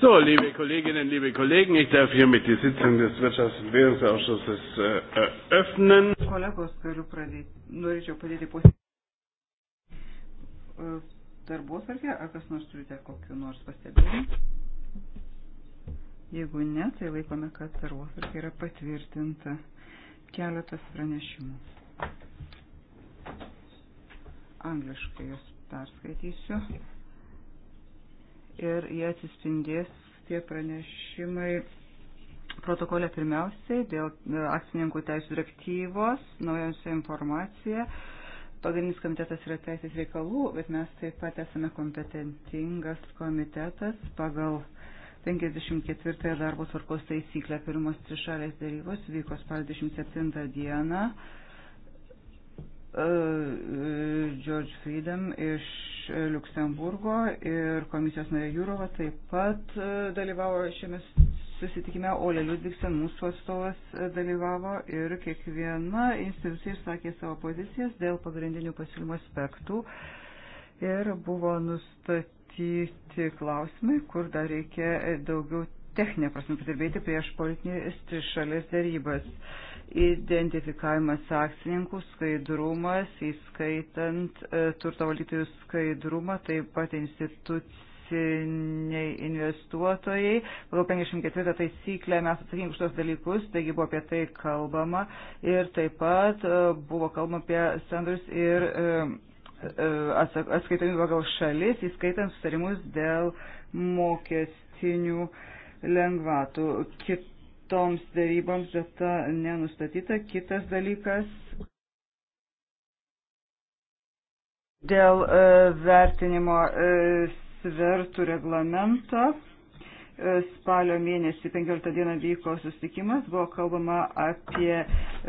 So, liebe Kolleginnen, liebe Kollegen, ich darf hiermit die Sitzung des Wirtschafts- und Währungsausschusses äh, eröffnen. Kolegos, galiu pradėti. Norėčiau padėti posėdį. Äh, darbosvarkė, ar kas nors turite kokiu nors pastebėjimu? Jeigu ne, tai laikome, kad darbosvarkė yra patvirtinta. Keletas pranešimų. Angliškai jos perskaitysiu ir jie atsispindės tie pranešimai protokolė pirmiausiai dėl e, akcininkų teisų direktyvos, naujausia informacija. Pagrindinis komitetas yra teisės reikalų, bet mes taip pat esame kompetentingas komitetas pagal 54 darbo tvarkos taisyklę. Pirmos trišalės dėrybos vyko spalio 27 dieną. E, e, George Freedom iš Luksemburgo ir komisijos narė Jūrova taip pat e, dalyvavo šiame susitikime, Olė Ludvigsen mūsų atstovas e, dalyvavo ir kiekviena institucija išsakė savo pozicijas dėl pagrindinių pasiūlymo aspektų ir buvo nustatyti klausimai, kur dar reikia daugiau techninė prasme padirbėti prieš politinį trišalės darybas. Uh, identifikavimas akcininkų, skaidrumas, įskaitant e, turto valdytojų skaidrumą, taip pat instituciniai investuotojai. Pagal 54 taisyklę mes atsakingi už tos dalykus, taigi buvo apie tai kalbama ir taip pat e, buvo kalbama apie sandorius ir e, atskaitomybę pagal šalis, įskaitant sustarimus dėl mokestinių lengvatų. Kit toms dėryboms data nenustatyta. Kitas dalykas dėl e, vertinimo e, svertų reglamento. E, spalio mėnesį 15 dieną vyko susitikimas, buvo kalbama apie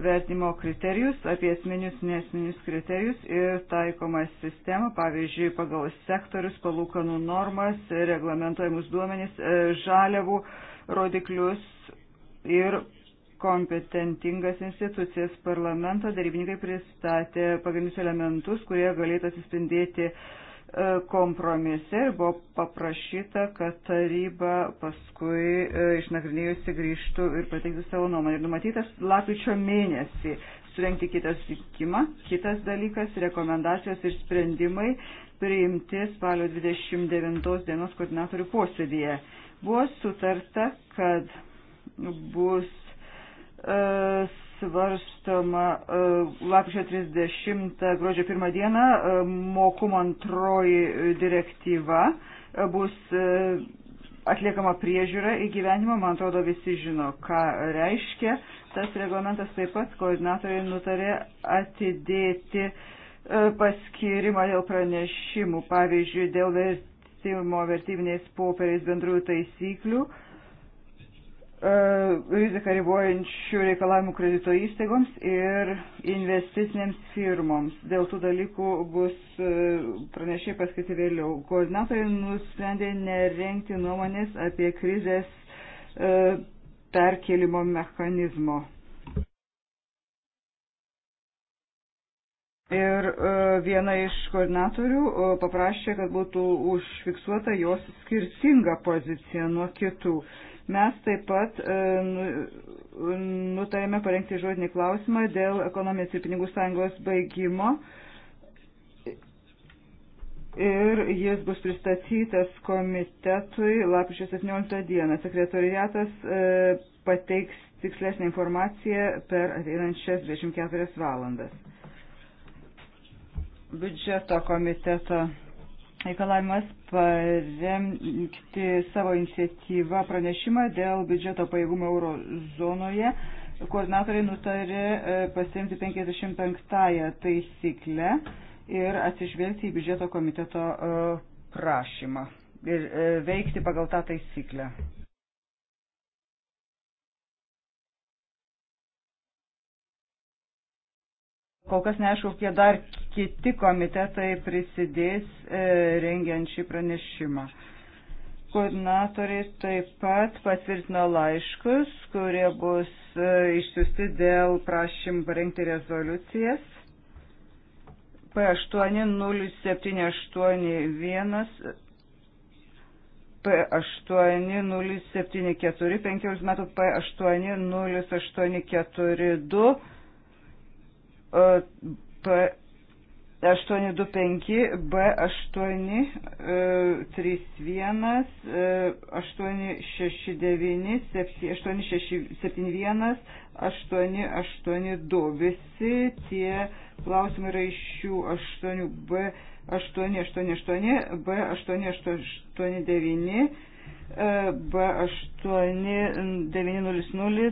vertinimo kriterijus, apie esminius, nesminius kriterijus ir taikomą sistemą, pavyzdžiui, pagal sektorius, palūkanų normas, reglamentojimus duomenys, e, žaliavų rodiklius ir kompetentingas institucijas. Parlamento darybininkai pristatė pagrindinius elementus, kurie galėtų atsispindėti e, kompromise ir buvo paprašyta, kad taryba paskui e, išnagrinėjusi grįžtų ir pateiktų savo nuomonę. Ir numatytas lapkričio mėnesį surenkti kitą susitikimą. Kitas dalykas - rekomendacijos ir sprendimai priimti spalio 29 dienos koordinatorių posėdėje. Buvo sutarta, kad bus e, svarstoma e, lapkričio 30 gruodžio 1 dieną e, mokumo antroji direktyva bus atliekama priežiūra įgyvenimo, man atrodo visi žino, ką reiškia. Tas reglamentas taip pat koordinatoriai nutarė atidėti paskirimą dėl pranešimų, pavyzdžiui, dėl vertimo vertybiniais popieriais bendrųjų taisyklių riziką ribojančių reikalavimų kredito įstaigoms ir investicinėms firmoms. Dėl tų dalykų bus e, pranešiai paskaiti vėliau. Koordinatoriai nusprendė nerengti nuomonės apie krizės e, perkelimo mechanizmo. Ir e, viena iš koordinatorių paprašė, kad būtų užfiksuota jos skirtinga pozicija nuo kitų. Mes taip pat e, nu, nutarėme parengti žodinį klausimą dėl ekonomijos ir pinigų sąjungos baigimo. Ir jis bus pristatytas komitetui lapkričio 17 dieną. Sekretoriatas e, pateiks tikslesnę informaciją per ateinančias 24 valandas. Biudžeto komiteto reikalavimas paremti savo iniciatyvą pranešimą dėl biudžeto pajėgumo eurozonoje. Koordinatoriai nutarė e, pasiimti 55-ąją taisyklę ir atsižvelgti į biudžeto komiteto e, prašymą ir e, veikti pagal tą taisyklę. Kol kas neaišku, kokie dar kiti komitetai prisidės e, rengiant šį pranešimą. Koordinatoriai taip pat patvirtino laiškus, kurie bus e, išsiusti dėl prašymų parengti rezoliucijas. P80781, P8074, 15 metų P80842 825 B8 31 869 871 882 visi tie klausimai yra iš šių 8 B888 B889 B8900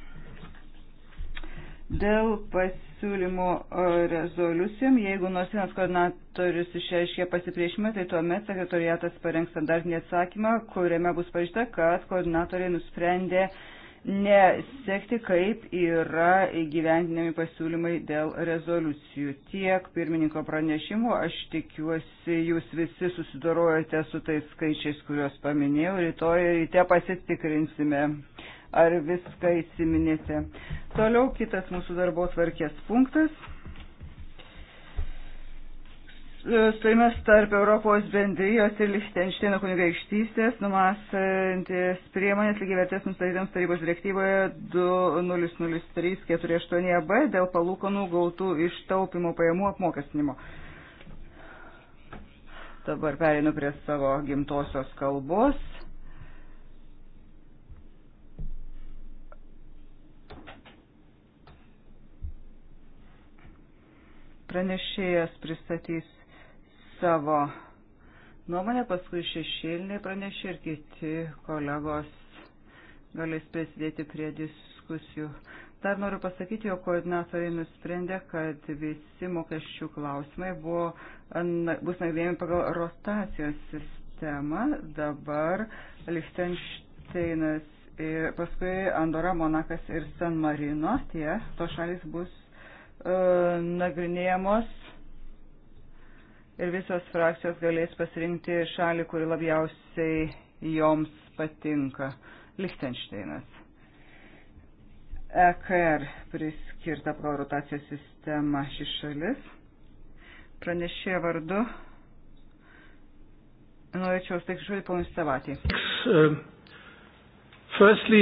Dėl pasiūlymų e, rezoliucijom, jeigu nors vienas koordinatorius išreiškė pasipriešimą, tai tuomet sekretoriatas parengs standartinį atsakymą, kuriame bus pažyta, kad koordinatoriai nusprendė nesekti, kaip yra įgyvendinami pasiūlymai dėl rezoliucijų. Tiek pirmininko pranešimų, aš tikiuosi, jūs visi susidorojate su tais skaičiais, kuriuos paminėjau, rytoj ryte pasitikrinsime ar viską įsiminėte. Toliau kitas mūsų darbo tvarkės punktas. Stojimas tarp Europos bendrijos ir Lichtenšteino kunigaikštystės numasantis priemonės lygiavertės nustatytams tarybos direktyvoje 200348B dėl palūkanų gautų iš taupimo pajamų apmokestinimo. Dabar perinu prie savo gimtosios kalbos. Pranešėjas pristatys savo nuomonę, paskui šešėliniai pranešė ir kiti kolegos galės prisidėti prie diskusijų. Dar noriu pasakyti, jo koordinatoriai nusprendė, kad visi mokesčių klausimai buvo, bus nagrinėjami pagal rotacijos sistemą. Dabar Lichtensteinas ir paskui Andora, Monakas ir San Marino, tie to šalis bus E, nagrinėjamos ir visos frakcijos galės pasirinkti šalį, kuri labiausiai joms patinka. Lichtensteinas. EKR priskirta pagal rotacijos sistemą ši šalis. Pranešė vardu. Norėčiau steikti žodį ponui Stavatį. Firstly,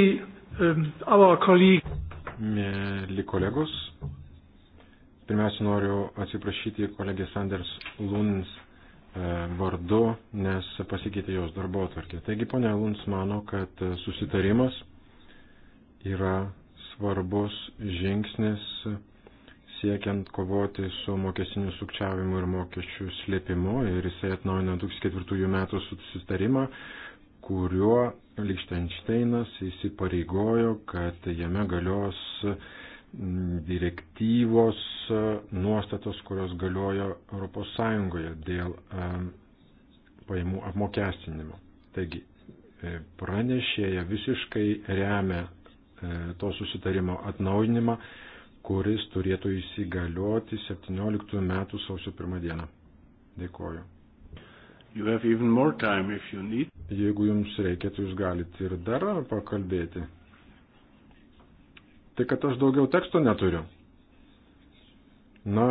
um, our colleague. Mėly kolegos, Pirmiausia, noriu atsiprašyti kolegės Sanders Luns e, vardu, nes pasikeitė jos darbo atvarkė. Taigi, ponia Luns mano, kad susitarimas yra svarbus žingsnis siekiant kovoti su mokesiniu sukčiavimu ir mokesčių slėpimu ir jisai atnaujino 2004 metų susitarimą, kuriuo Lichtensteinas įsipareigojo, kad jame galios direktyvos e, nuostatos, kurios galiojo ES dėl e, pajamų apmokestinimo. Taigi, e, pranešėja visiškai remia to susitarimo atnaujinimą, kuris turėtų įsigalioti 17 metų sausio 1 dieną. Dėkoju. Jeigu jums reikia, tai jūs galite ir dar pakalbėti tai kad aš daugiau teksto neturiu. Na,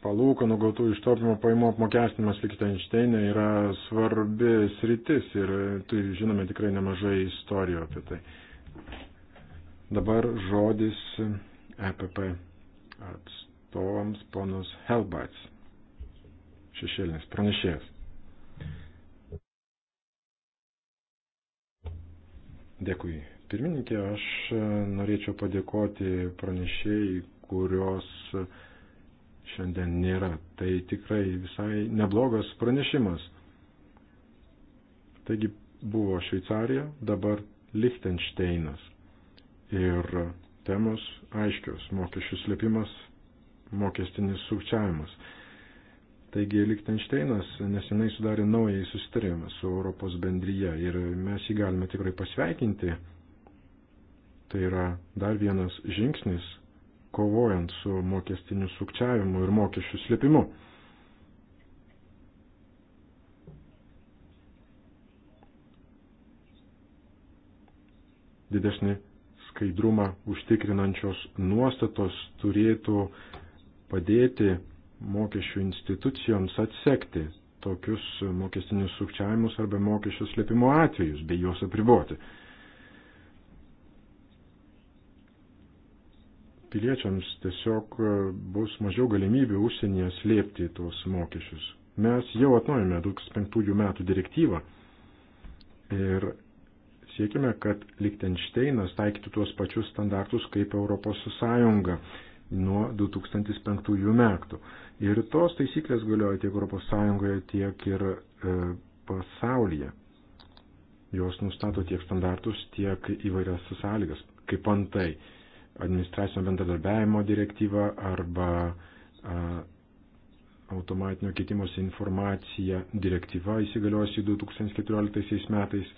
palūkanų gautų iš taupimo paimų apmokestinimas Lichtensteinė yra svarbi sritis ir tai žinome tikrai nemažai istorijų apie tai. Dabar žodis EPP atstovams ponas Helbats, šešėlinis pranešėjas. Dėkui, pirmininkė, aš e, norėčiau padėkoti pranešėjai, kurios šiandien nėra. Tai tikrai visai neblogas pranešimas. Taigi buvo Šveicarija, dabar Lichtensteinas. Ir temos aiškios - mokesčių slėpimas, mokestinis sukčiavimas. Taigi Lichtensteinas nesenai sudarė naują susitarimą su Europos bendryje ir mes jį galime tikrai pasveikinti Tai yra dar vienas žingsnis kovojant su mokestiniu sukčiavimu ir mokesčių slėpimu. Didesnį skaidrumą užtikrinančios nuostatos turėtų padėti mokesčių institucijoms atsekti tokius mokestinius sukčiavimus arba mokesčių slėpimo atvejus bei juos apriboti. piliečiams tiesiog e, bus mažiau galimybių užsienyje slėpti tuos mokesčius. Mes jau atnaujame 2005 metų direktyvą ir siekime, kad Lichtensteinas taikytų tuos pačius standartus kaip Europos Sąjunga nuo 2005 metų. Ir tos taisyklės galioja tiek Europos Sąjungoje, tiek ir e, pasaulyje. Jos nustato tiek standartus, tiek įvairias sąlygas, kaip antai. E, administracinio bendradarbiavimo direktyva arba a, automatinio keitimosi informacija direktyva įsigaliojusi 2014 metais.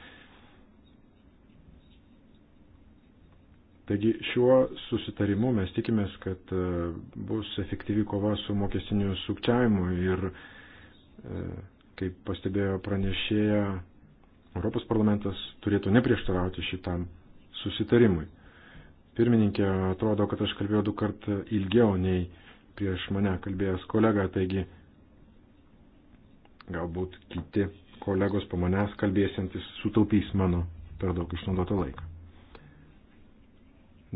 Taigi šiuo susitarimu mes tikimės, kad bus efektyvi kova su mokestiniu sukčiavimu ir, kaip pastebėjo pranešėja, Europos parlamentas turėtų neprieštarauti šitam susitarimui pirmininkė, atrodo, kad aš kalbėjau du kart ilgiau nei prieš mane kalbėjęs kolega, taigi galbūt kiti kolegos po manęs kalbėsiantis sutaupys mano per daug išnaudotą laiką.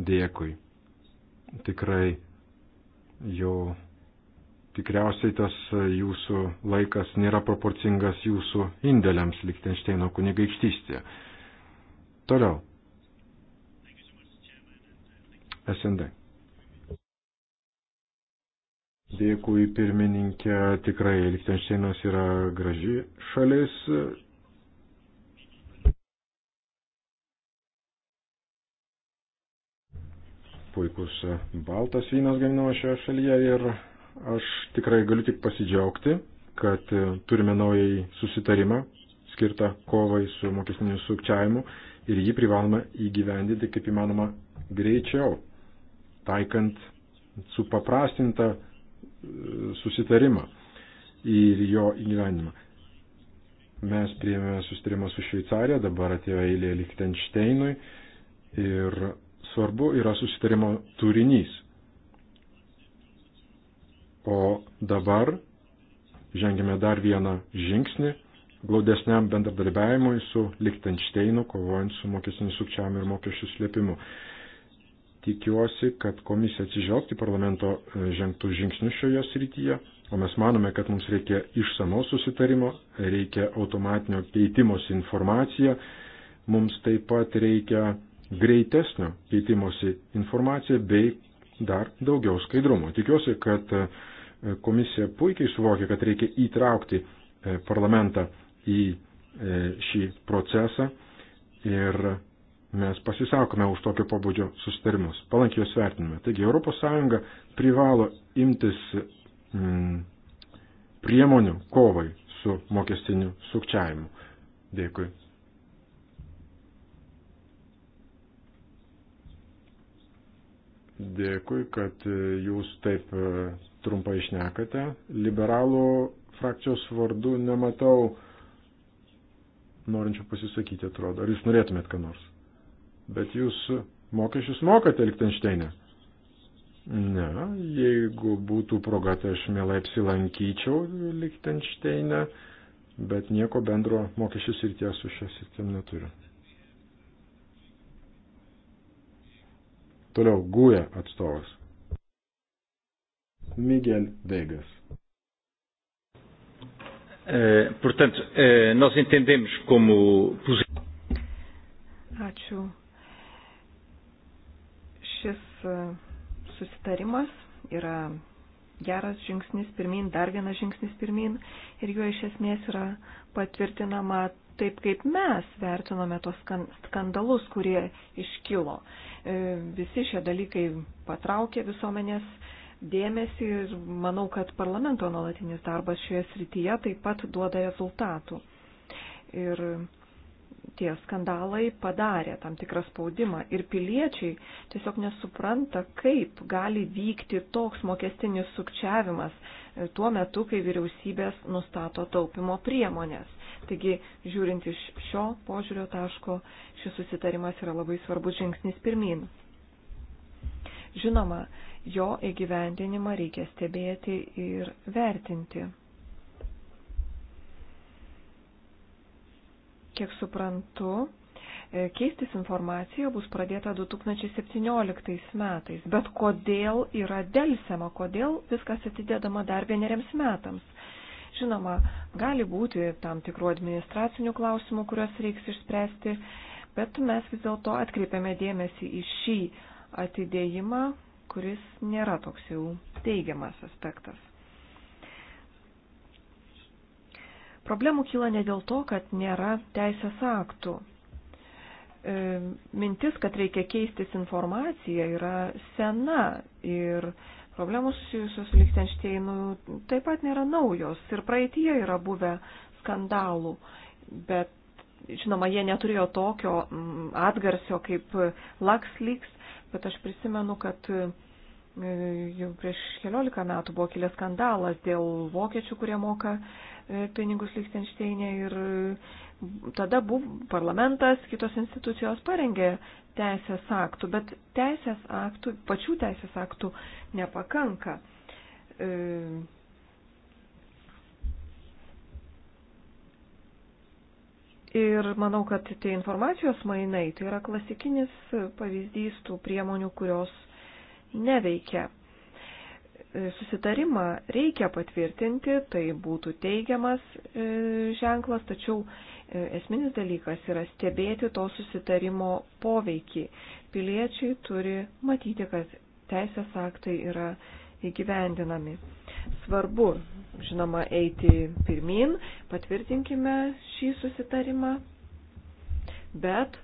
Dėkui. Tikrai jau tikriausiai tas jūsų laikas nėra proporcingas jūsų indėliams Lichtensteino kunigaikštystėje. Toliau. SND. Dėkui pirmininkė, tikrai Lichtensteinas yra graži šalis. Puikus baltas vynas gaminamas šioje šalyje ir aš tikrai galiu tik pasidžiaugti, kad turime naujai susitarimą skirtą kovai su mokestiniu sukčiavimu ir jį privaloma įgyvendinti kaip įmanoma greičiau taikant supaprastintą e, susitarimą ir jo įgyvenimą. Mes priėmėme susitarimą su Šveicarija, dabar atėjo eilė Lichtensteinui ir svarbu yra susitarimo turinys. O dabar žengėme dar vieną žingsnį glaudesniam bendradarbiavimui su Lichtensteinu, kovojant su mokestiniu sukčiavimu ir mokesčių slėpimu. Tikiuosi, kad komisija atsižvelgti parlamento e, žengtų žingsnių šioje srityje, o mes manome, kad mums reikia išsamaus susitarimo, reikia automatinio keitimosi informacija, mums taip pat reikia greitesnio keitimosi informacija bei dar daugiau skaidrumo. Tikiuosi, kad e, komisija puikiai suvokia, kad reikia įtraukti e, parlamentą į šį procesą ir mes pasisakome už tokio pobūdžio susitarimus, palankiai juos vertiname. Taigi ES privalo imtis mm, priemonių kovai su mokestiniu sukčiavimu. Dėkui. Dėkui, kad e, jūs taip e, trumpai išnekate. Liberalų frakcijos vardu nematau norinčių pasisakyti, atrodo. Ar jūs norėtumėt ką nors? Bet jūs mokesčius mokate Lichtensteinė? Ne, jeigu būtų proga, tai aš mielai apsilankyčiau Lichtensteinę, bet nieko bendro mokesčių srityje su šią sistemą neturiu. Toliau Gūja atstovas. Miguel Vegas. Uh, eh, portanto, uh, eh, nós entendemos como. Ačiū susitarimas yra geras žingsnis pirmin, dar vienas žingsnis pirmin ir juo iš esmės yra patvirtinama taip, kaip mes vertinome tos skandalus, kurie iškilo. E, visi šie dalykai patraukė visuomenės dėmesį ir manau, kad parlamento nuolatinis darbas šioje srityje taip pat duoda rezultatų. Ir tie skandalai padarė tam tikrą spaudimą ir piliečiai tiesiog nesupranta, kaip gali vykti toks mokestinis sukčiavimas tuo metu, kai vyriausybės nustato taupimo priemonės. Taigi, žiūrint iš šio požiūrio taško, šis susitarimas yra labai svarbus žingsnis pirmin. Žinoma, jo įgyvendinimą reikia stebėti ir vertinti. Kiek suprantu, e, keistis informacija bus pradėta 2017 metais. Bet kodėl yra dėlsiama, kodėl viskas atidedama dar vieneriams metams? Žinoma, gali būti tam tikrų administracinių klausimų, kuriuos reiks išspręsti, bet mes vis dėlto atkreipiame dėmesį į šį atidėjimą, kuris nėra toks jau teigiamas aspektas. Problemų kyla ne dėl to, kad nėra teisės aktų. E, mintis, kad reikia keistis informacija, yra sena ir problemų susijusios su Lichtensteinu taip pat nėra naujos ir praeitie yra buvę skandalų, bet žinoma, jie neturėjo tokio mm, atgarsio kaip LuxLeaks, bet aš prisimenu, kad e, jau prieš keliolika metų buvo kilęs skandalas dėl vokiečių, kurie moka E, pinigus Lichtensteinė ir e, tada buv, parlamentas, kitos institucijos parengė teisės aktų, bet teisės aktų, pačių teisės aktų nepakanka. E, ir manau, kad tie informacijos mainai tai yra klasikinis pavyzdys tų priemonių, kurios neveikia. E, susitarimą reikia patvirtinti, tai būtų teigiamas e, ženklas, tačiau e, esminis dalykas yra stebėti to susitarimo poveikį. Piliečiai turi matyti, kad teisės aktai yra įgyvendinami. Svarbu, žinoma, eiti pirmin, patvirtinkime šį susitarimą, bet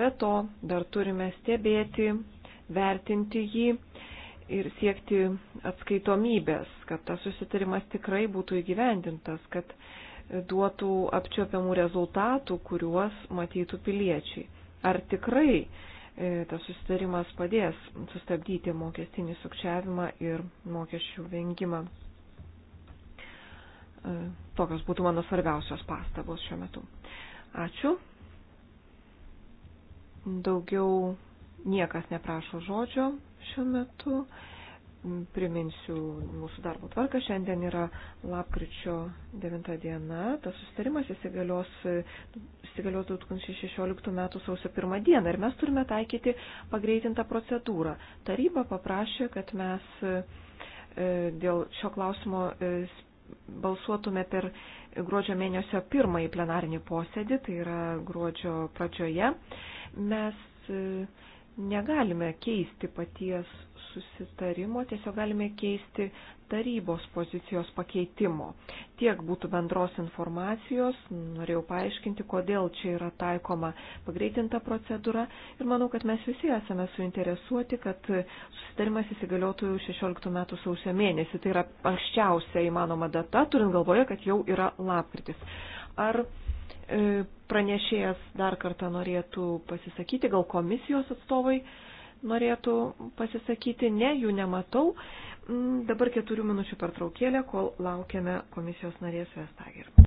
be to dar turime stebėti, vertinti jį ir siekti atskaitomybės, kad tas susitarimas tikrai būtų įgyvendintas, kad duotų apčiopiamų rezultatų, kuriuos matytų piliečiai. Ar tikrai e, tas susitarimas padės sustabdyti mokestinį sukčiavimą ir mokesčių vengimą? E, tokios būtų mano svarbiausios pastabos šiuo metu. Ačiū. Daugiau niekas neprašo žodžio, šiuo metu. Priminsiu mūsų darbo tvarką. Šiandien yra lapkričio 9 diena. Tas sustarimas įsigalios, įsigalios 2016 m. sausio 1 dieną ir mes turime taikyti pagreitintą procedūrą. Taryba paprašė, kad mes e, dėl šio klausimo e, balsuotume per gruodžio mėnesio pirmąjį plenarinį posėdį, tai yra gruodžio pradžioje, mes e, negalime keisti paties susitarimo, tiesiog galime keisti tarybos pozicijos pakeitimo. Tiek būtų bendros informacijos, norėjau paaiškinti, kodėl čia yra taikoma pagreitinta procedūra ir manau, kad mes visi esame suinteresuoti, kad susitarimas įsigaliotų 16 metų sausio mėnesį, tai yra anksčiausia įmanoma data, turint galvoje, kad jau yra lapkritis. Ar E, pranešėjas dar kartą norėtų pasisakyti, gal komisijos atstovai norėtų pasisakyti, ne, jų nematau. Mm, dabar keturių minučių pertraukėlė, kol laukiame komisijos narės Vestager.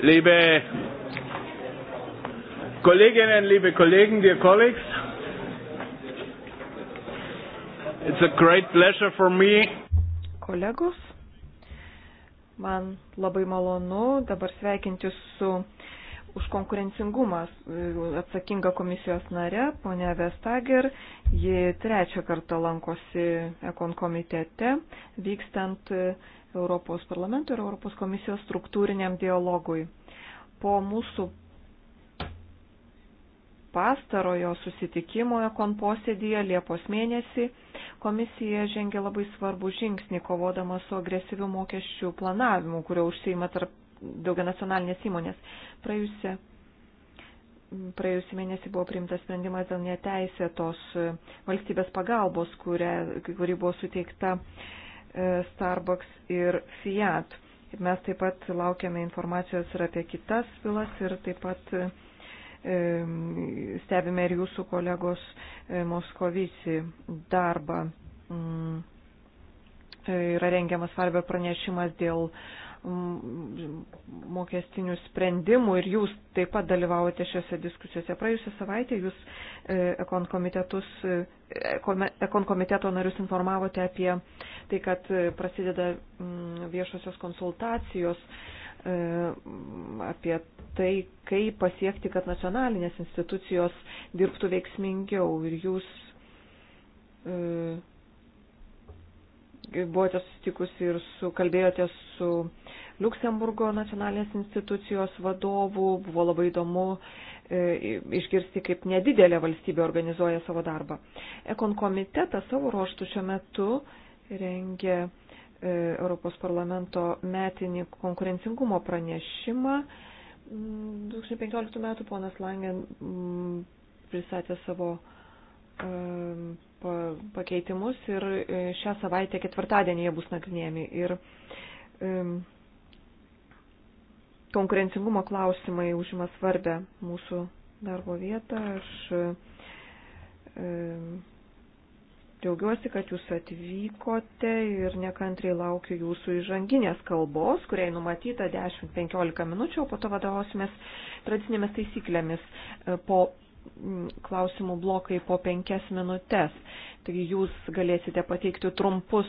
Liebe Kolleginnen, liebe Kollegen, dear colleagues, it's a great pleasure for me. Kolegos, man labai malonu dabar sveikinti su už konkurencingumą atsakinga komisijos nare, ponia Vestager. Ji trečią kartą lankosi ekon komitete, vykstant Europos parlamento ir Europos komisijos struktūriniam dialogui. Po mūsų pastarojo susitikimo ekon posėdėje Liepos mėnesį komisija žengė labai svarbų žingsnį kovodama su agresyviu mokesčių planavimu, kurio užsieima tarp daugia nacionalinės įmonės. Praėjusią praėjusį mėnesį buvo priimtas sprendimas dėl neteisėtos valstybės pagalbos, kuria, kuri buvo suteikta E, Starbucks ir Fiat. Ir mes taip pat laukiame informacijos ir apie kitas bylas ir taip pat e, stebime ir jūsų kolegos e, Moskovici darbą. Mm. Yra rengiamas svarbio pranešimas dėl uh, Mm, mokestinių sprendimų ir jūs taip pat dalyvaujate šiuose diskusijose. Praėjusią savaitę jūs e, ekonkomiteto e, narius informavote apie tai, kad e, prasideda mm, viešosios konsultacijos apie tai, kaip pasiekti, kad nacionalinės institucijos dirbtų veiksmingiau ir jūs buvote susitikusi ir su, kalbėjote su Luksemburgo nacionalinės institucijos vadovu, buvo labai įdomu e, išgirsti, kaip nedidelė valstybė organizuoja savo darbą. Ekon komitetas savo ruoštų šiuo metu rengia e, Europos parlamento metinį konkurencingumo pranešimą. 2015 mm, metų ponas Langen mm, pristatė savo e, pakeitimus ir e, šią savaitę ketvirtadienį jie bus nagrinėjami. Ir um, konkurencingumo klausimai užima svarbę mūsų darbo vietą. Aš um, džiaugiuosi, kad jūs atvykote ir nekantriai laukiu jūsų įžanginės kalbos, kuriai numatyta 10-15 minučių, o po to vadovausimės tradicinėmis taisyklėmis e, po Mm, klausimų blokai po penkias minutės. Taigi jūs galėsite pateikti trumpus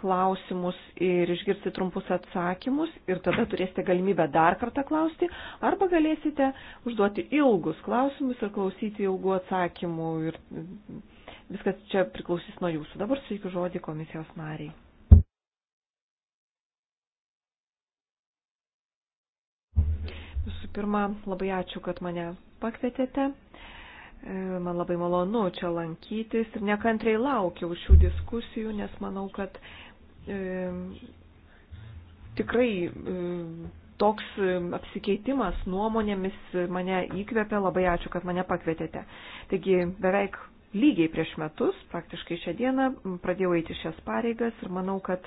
klausimus ir išgirsti trumpus atsakymus ir tada turėsite galimybę dar kartą klausti arba galėsite užduoti ilgus klausimus ir klausyti ilgų atsakymų ir viskas čia priklausys nuo jūsų. Dabar sveikiu žodį komisijos nariai. Visų pirma, labai ačiū, kad mane pakvietėte. E, man labai malonu čia lankytis ir nekantriai laukiau šių diskusijų, nes manau, kad e, tikrai e, toks e, apsikeitimas nuomonėmis mane įkvėpė. Labai ačiū, kad mane pakvietėte. Taigi beveik lygiai prieš metus, praktiškai šią dieną, pradėjau eiti šias pareigas ir manau, kad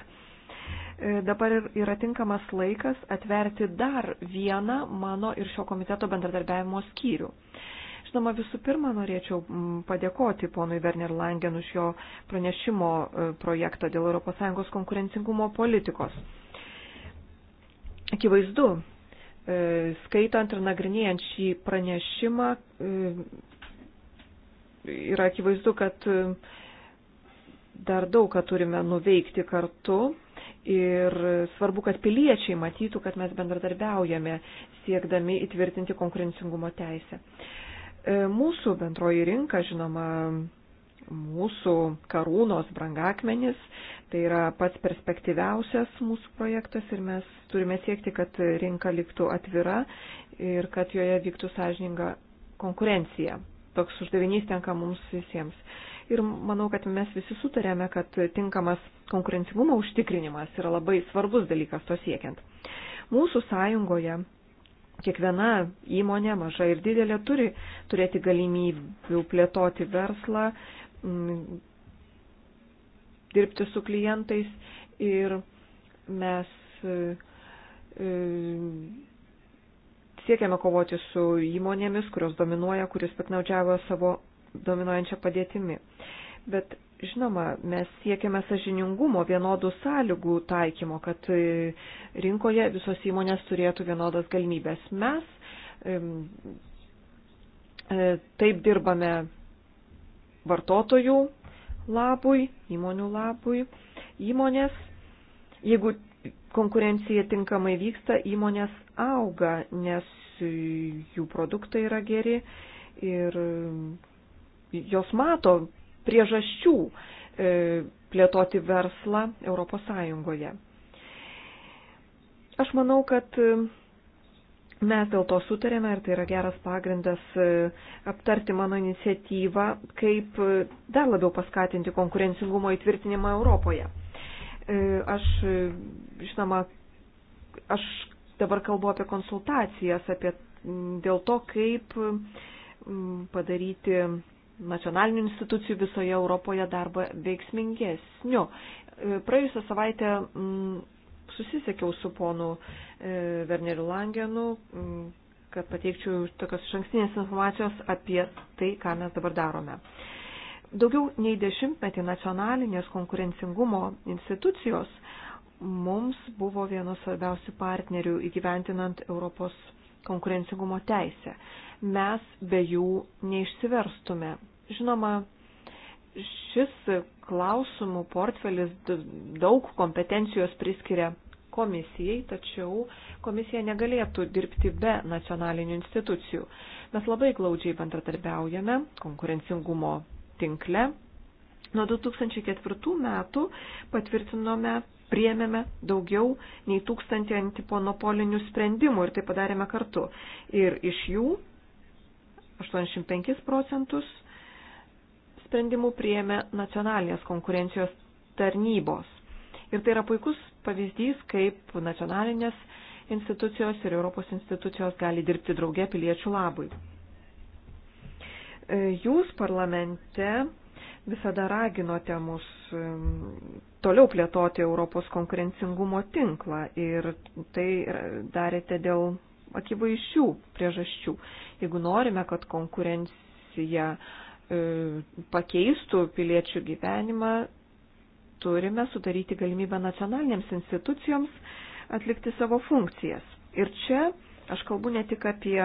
e, dabar yra tinkamas laikas atverti dar vieną mano ir šio komiteto bendradarbiavimo skyrių. Žinoma, visų pirma, norėčiau mm, padėkoti ponui Werner Langen už jo pranešimo e, projektą dėl ES konkurencingumo politikos. Akivaizdu, e, skaitant ir nagrinėjant šį pranešimą, e, yra akivaizdu, kad dar daug ką turime nuveikti kartu. Ir svarbu, kad piliečiai matytų, kad mes bendradarbiaujame siekdami įtvirtinti konkurencingumo teisę. E, mūsų bendroji rinka, žinoma, mūsų karūnos brangakmenis, tai yra pats perspektyviausias mūsų projektas ir mes turime siekti, kad rinka liktų atvira ir kad joje vyktų sąžininga konkurencija. Toks uždavinys tenka mums visiems. Ir manau, kad mes visi sutarėme, kad tinkamas konkurencingumo užtikrinimas yra labai svarbus dalykas to siekiant. Mūsų sąjungoje kiekviena įmonė, maža ir didelė, turi turėti galimybių plėtoti verslą, mm, dirbti su klientais ir mes e, e, siekiame kovoti su įmonėmis, kurios dominuoja, kuris piknaudžiavo savo dominuojančią padėtimi. Bet Žinoma, mes siekiame sažiningumo, vienodų sąlygų taikymo, kad e, rinkoje visos įmonės turėtų vienodas galimybės. Mes e, taip dirbame vartotojų labui, įmonių labui. Įmonės, jeigu konkurencija tinkamai vyksta, įmonės auga, nes jų produktai yra geri ir jos mato priežasčių e, plėtoti verslą ES. Aš manau, kad e, mes dėl to sutarėme ir tai yra geras pagrindas e, aptarti mano iniciatyvą, kaip dar labiau paskatinti konkurencingumo įtvirtinimą Europoje. Aš, žinoma, aš dabar kalbu apie konsultacijas, apie dėl to, kaip padaryti nacionalinių institucijų visoje Europoje darbą veiksmingesniu. E, praėjusią savaitę mm, susisiekiau su ponu e, Werneriu Langenu, mm, kad pateikčiau tokios šankstinės informacijos apie tai, ką mes dabar darome. Daugiau nei dešimtmetį nacionalinės konkurencingumo institucijos mums buvo vienos svarbiausių partnerių įgyventinant Europos konkurencingumo teisę mes be jų neišsiverstume. Žinoma, šis klausimų portfelis daug kompetencijos priskiria komisijai, tačiau komisija negalėtų dirbti be nacionalinių institucijų. Mes labai glaudžiai bendradarbiaujame konkurencingumo tinkle. Nuo 2004 metų patvirtinome, priemėme daugiau nei tūkstantį antiponopolinių sprendimų ir tai padarėme kartu. Ir iš jų 85 procentus sprendimų prieėmė nacionalinės konkurencijos tarnybos. Ir tai yra puikus pavyzdys, kaip nacionalinės institucijos ir Europos institucijos gali dirbti drauge piliečių labui. E, jūs parlamente visada raginote mus e, toliau plėtoti Europos konkurencingumo tinklą ir tai darėte dėl akivaizdžių priežasčių. Jeigu norime, kad konkurencija e, pakeistų piliečių gyvenimą, turime sudaryti galimybę nacionalinėms institucijoms atlikti savo funkcijas. Ir čia aš kalbu ne tik apie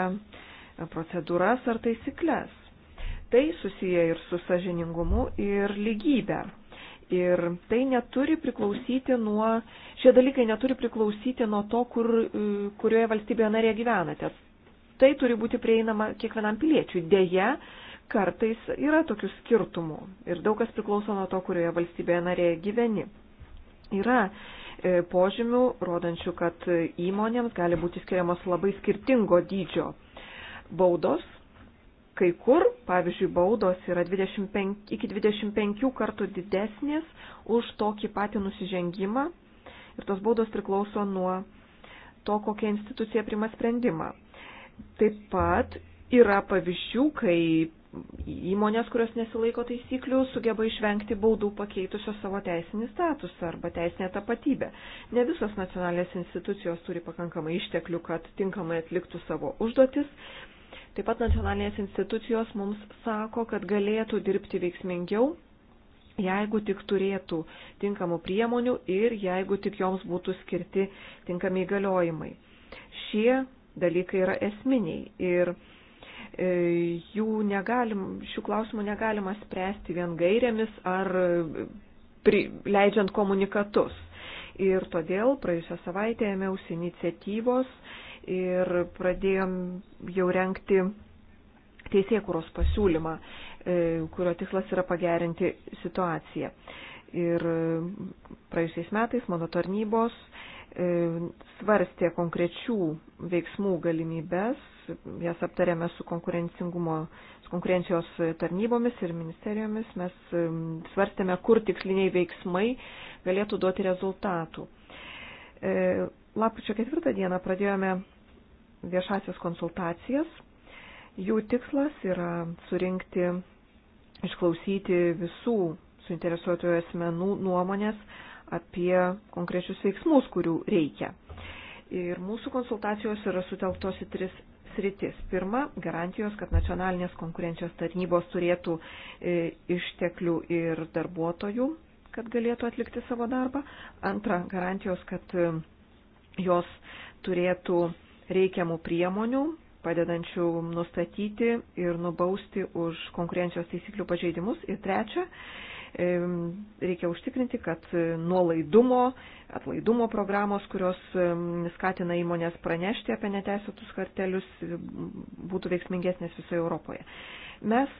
procedūras ar taisyklės. Tai susiję ir su sažiningumu ir lygybė. Ir tai neturi priklausyti nuo, šie dalykai neturi priklausyti nuo to, kur, e, kurioje valstybėje narėje gyvenate. Tai turi būti prieinama kiekvienam piliečiui. Deja, kartais yra tokių skirtumų ir daug kas priklauso nuo to, kurioje valstybėje narėje gyveni. Yra e, požymių, rodančių, kad įmonėms gali būti skiriamos labai skirtingo dydžio baudos Kai kur, pavyzdžiui, baudos yra 25, iki 25 kartų didesnės už tokį patį nusižengimą ir tos baudos priklauso nuo to, kokia institucija prima sprendimą. Taip pat yra pavyzdžių, kai įmonės, kurios nesilaiko taisyklių, sugeba išvengti baudų pakeitusios savo teisinį statusą arba teisinę tapatybę. Ne visos nacionalinės institucijos turi pakankamai išteklių, kad tinkamai atliktų savo užduotis Taip pat nacionalinės institucijos mums sako, kad galėtų dirbti veiksmingiau, jeigu tik turėtų tinkamų priemonių ir jeigu tik joms būtų skirti tinkami įgaliojimai. Šie dalykai yra esminiai ir e, jų negalim, šių klausimų negalima spręsti vien gairėmis ar e, pri, leidžiant komunikatus. Ir todėl praėjusią savaitę ėmiausi iniciatyvos ir pradėjom jau renkti teisėkuros pasiūlymą, e, kurio tikslas yra pagerinti situaciją. Ir praėjusiais metais mano tarnybos e, svarstė konkrečių veiksmų galimybės, jas aptarėme su, su konkurencijos tarnybomis ir ministerijomis, mes e, svarstėme, kur tiksliniai veiksmai galėtų duoti rezultatų. Lapkričio ketvirtą dieną pradėjome viešasias konsultacijas. Jų tikslas yra surinkti, išklausyti visų suinteresuotojų asmenų nuomonės apie konkrečius veiksmus, kurių reikia. Ir mūsų konsultacijos yra sutelktos į tris sritis. Pirma, garantijos, kad nacionalinės konkurencijos tarnybos turėtų e, išteklių ir darbuotojų, kad galėtų atlikti savo darbą. Antra, garantijos, kad Jos turėtų reikiamų priemonių, padedančių nustatyti ir nubausti už konkurencijos taisyklių pažeidimus. Ir trečia, reikia užtikrinti, kad nuolaidumo, atlaidumo programos, kurios skatina įmonės pranešti apie neteisėtus kartelius, būtų veiksmingesnės visoje Europoje. Mes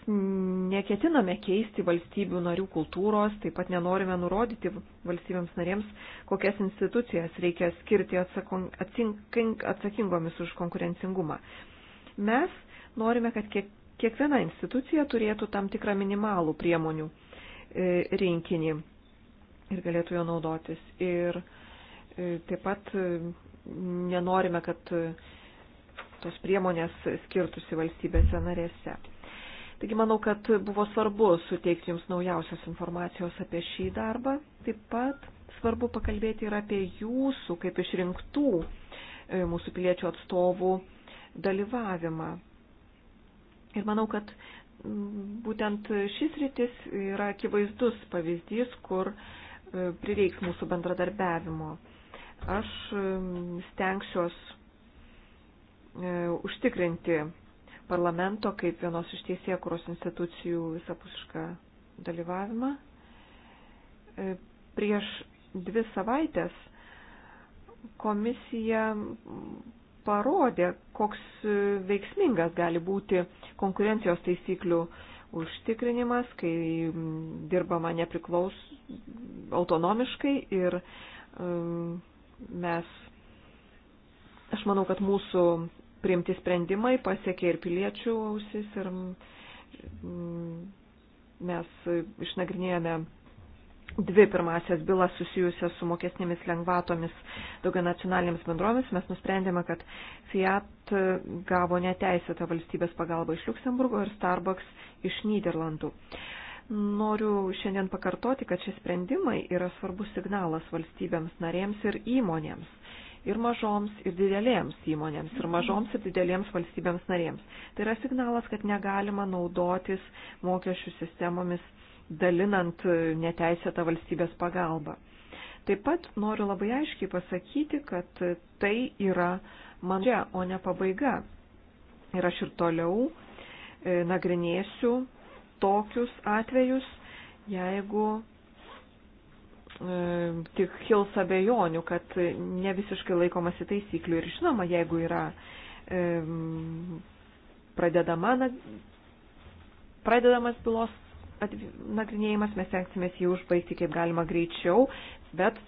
neketiname keisti valstybių narių kultūros, taip pat nenorime nurodyti valstybėms narėms, kokias institucijas reikia skirti atsakingomis už konkurencingumą. Mes norime, kad kiek kiekviena institucija turėtų tam tikrą minimalų priemonių E, rinkinį ir galėtų jo naudotis. Ir e, taip pat e, nenorime, kad tos priemonės skirtusi valstybėse narėse. Taigi manau, kad buvo svarbu suteikti Jums naujausios informacijos apie šį darbą. Taip pat svarbu pakalbėti ir apie Jūsų, kaip išrinktų mūsų piliečių atstovų, dalyvavimą. Ir manau, kad būtent šis rytis yra akivaizdus pavyzdys, kur e, prireiks mūsų bendradarbiavimo. Aš e, stengsiuos e, užtikrinti parlamento kaip vienos iš teisėkuros institucijų visapusišką dalyvavimą. Prieš dvi savaitės komisija parodė, koks e, veiksmingas gali būti konkurencijos taisyklių užtikrinimas, kai dirbama nepriklaus autonomiškai ir e, mes, aš manau, kad mūsų priimti sprendimai pasiekė ir piliečių ausis ir mes išnagrinėjome dvi pirmasias bylas susijusias su mokesnėmis lengvatomis daugia nacionalinėms bendrovėms, mes nusprendėme, kad Fiat gavo neteisėtą valstybės pagalbą iš Luksemburgo ir Starbucks iš Niderlandų. Noriu šiandien pakartoti, kad šie sprendimai yra svarbus signalas valstybėms narėms ir įmonėms. Ir mažoms, ir didelėms įmonėms, ir mažoms, ir didelėms valstybėms narėms. Tai yra signalas, kad negalima naudotis mokesčių sistemomis dalinant neteisėtą valstybės pagalbą. Taip pat noriu labai aiškiai pasakyti, kad tai yra manžia, o ne pabaiga. Ir aš ir toliau e, nagrinėsiu tokius atvejus, jeigu e, tik kils abejonių, kad ne visiškai laikomasi taisyklių. Ir žinoma, jeigu yra e, pradedama, pradedamas bylos nagrinėjimas, mes tenksimės jį užbaigti kaip galima greičiau, bet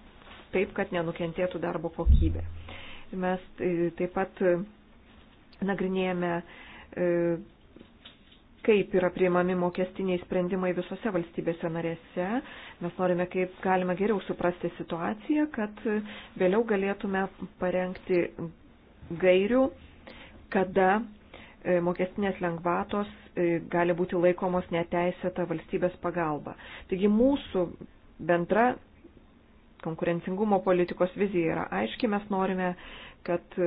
taip, kad nenukentėtų darbo kokybė. Mes e, taip pat e, nagrinėjame, e, kaip yra priimami mokestiniai sprendimai visose valstybėse narėse. Mes norime, kaip galima geriau suprasti situaciją, kad vėliau galėtume parengti gairių, kada mokestinės lengvatos E, gali būti laikomos neteisėta valstybės pagalba. Taigi mūsų bendra konkurencingumo politikos vizija yra aiški, mes norime, kad e,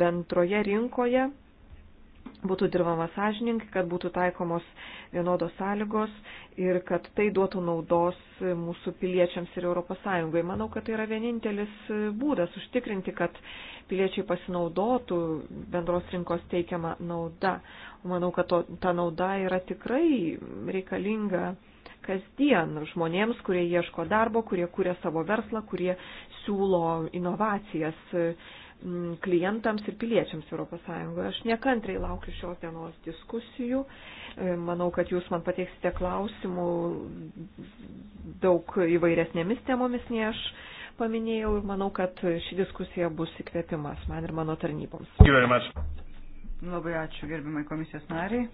bendroje rinkoje būtų dirbama sąžininkai, kad būtų taikomos vienodos sąlygos, ir kad tai duotų naudos mūsų piliečiams ir ES. Manau, kad tai yra vienintelis būdas užtikrinti, kad piliečiai pasinaudotų bendros rinkos teikiamą naudą. Manau, kad to, ta nauda yra tikrai reikalinga kasdien žmonėms, kurie ieško darbo, kurie kūrė savo verslą, kurie siūlo inovacijas Mm, klientams ir piliečiams ES. Aš nekantrai laukiu šios dienos diskusijų. E, manau, kad jūs man pateiksite klausimų daug įvairesnėmis temomis, nei aš paminėjau ir manau, kad ši diskusija bus įkvėpimas man ir mano tarnyboms. Labai ačiū gerbimai komisijos nariai.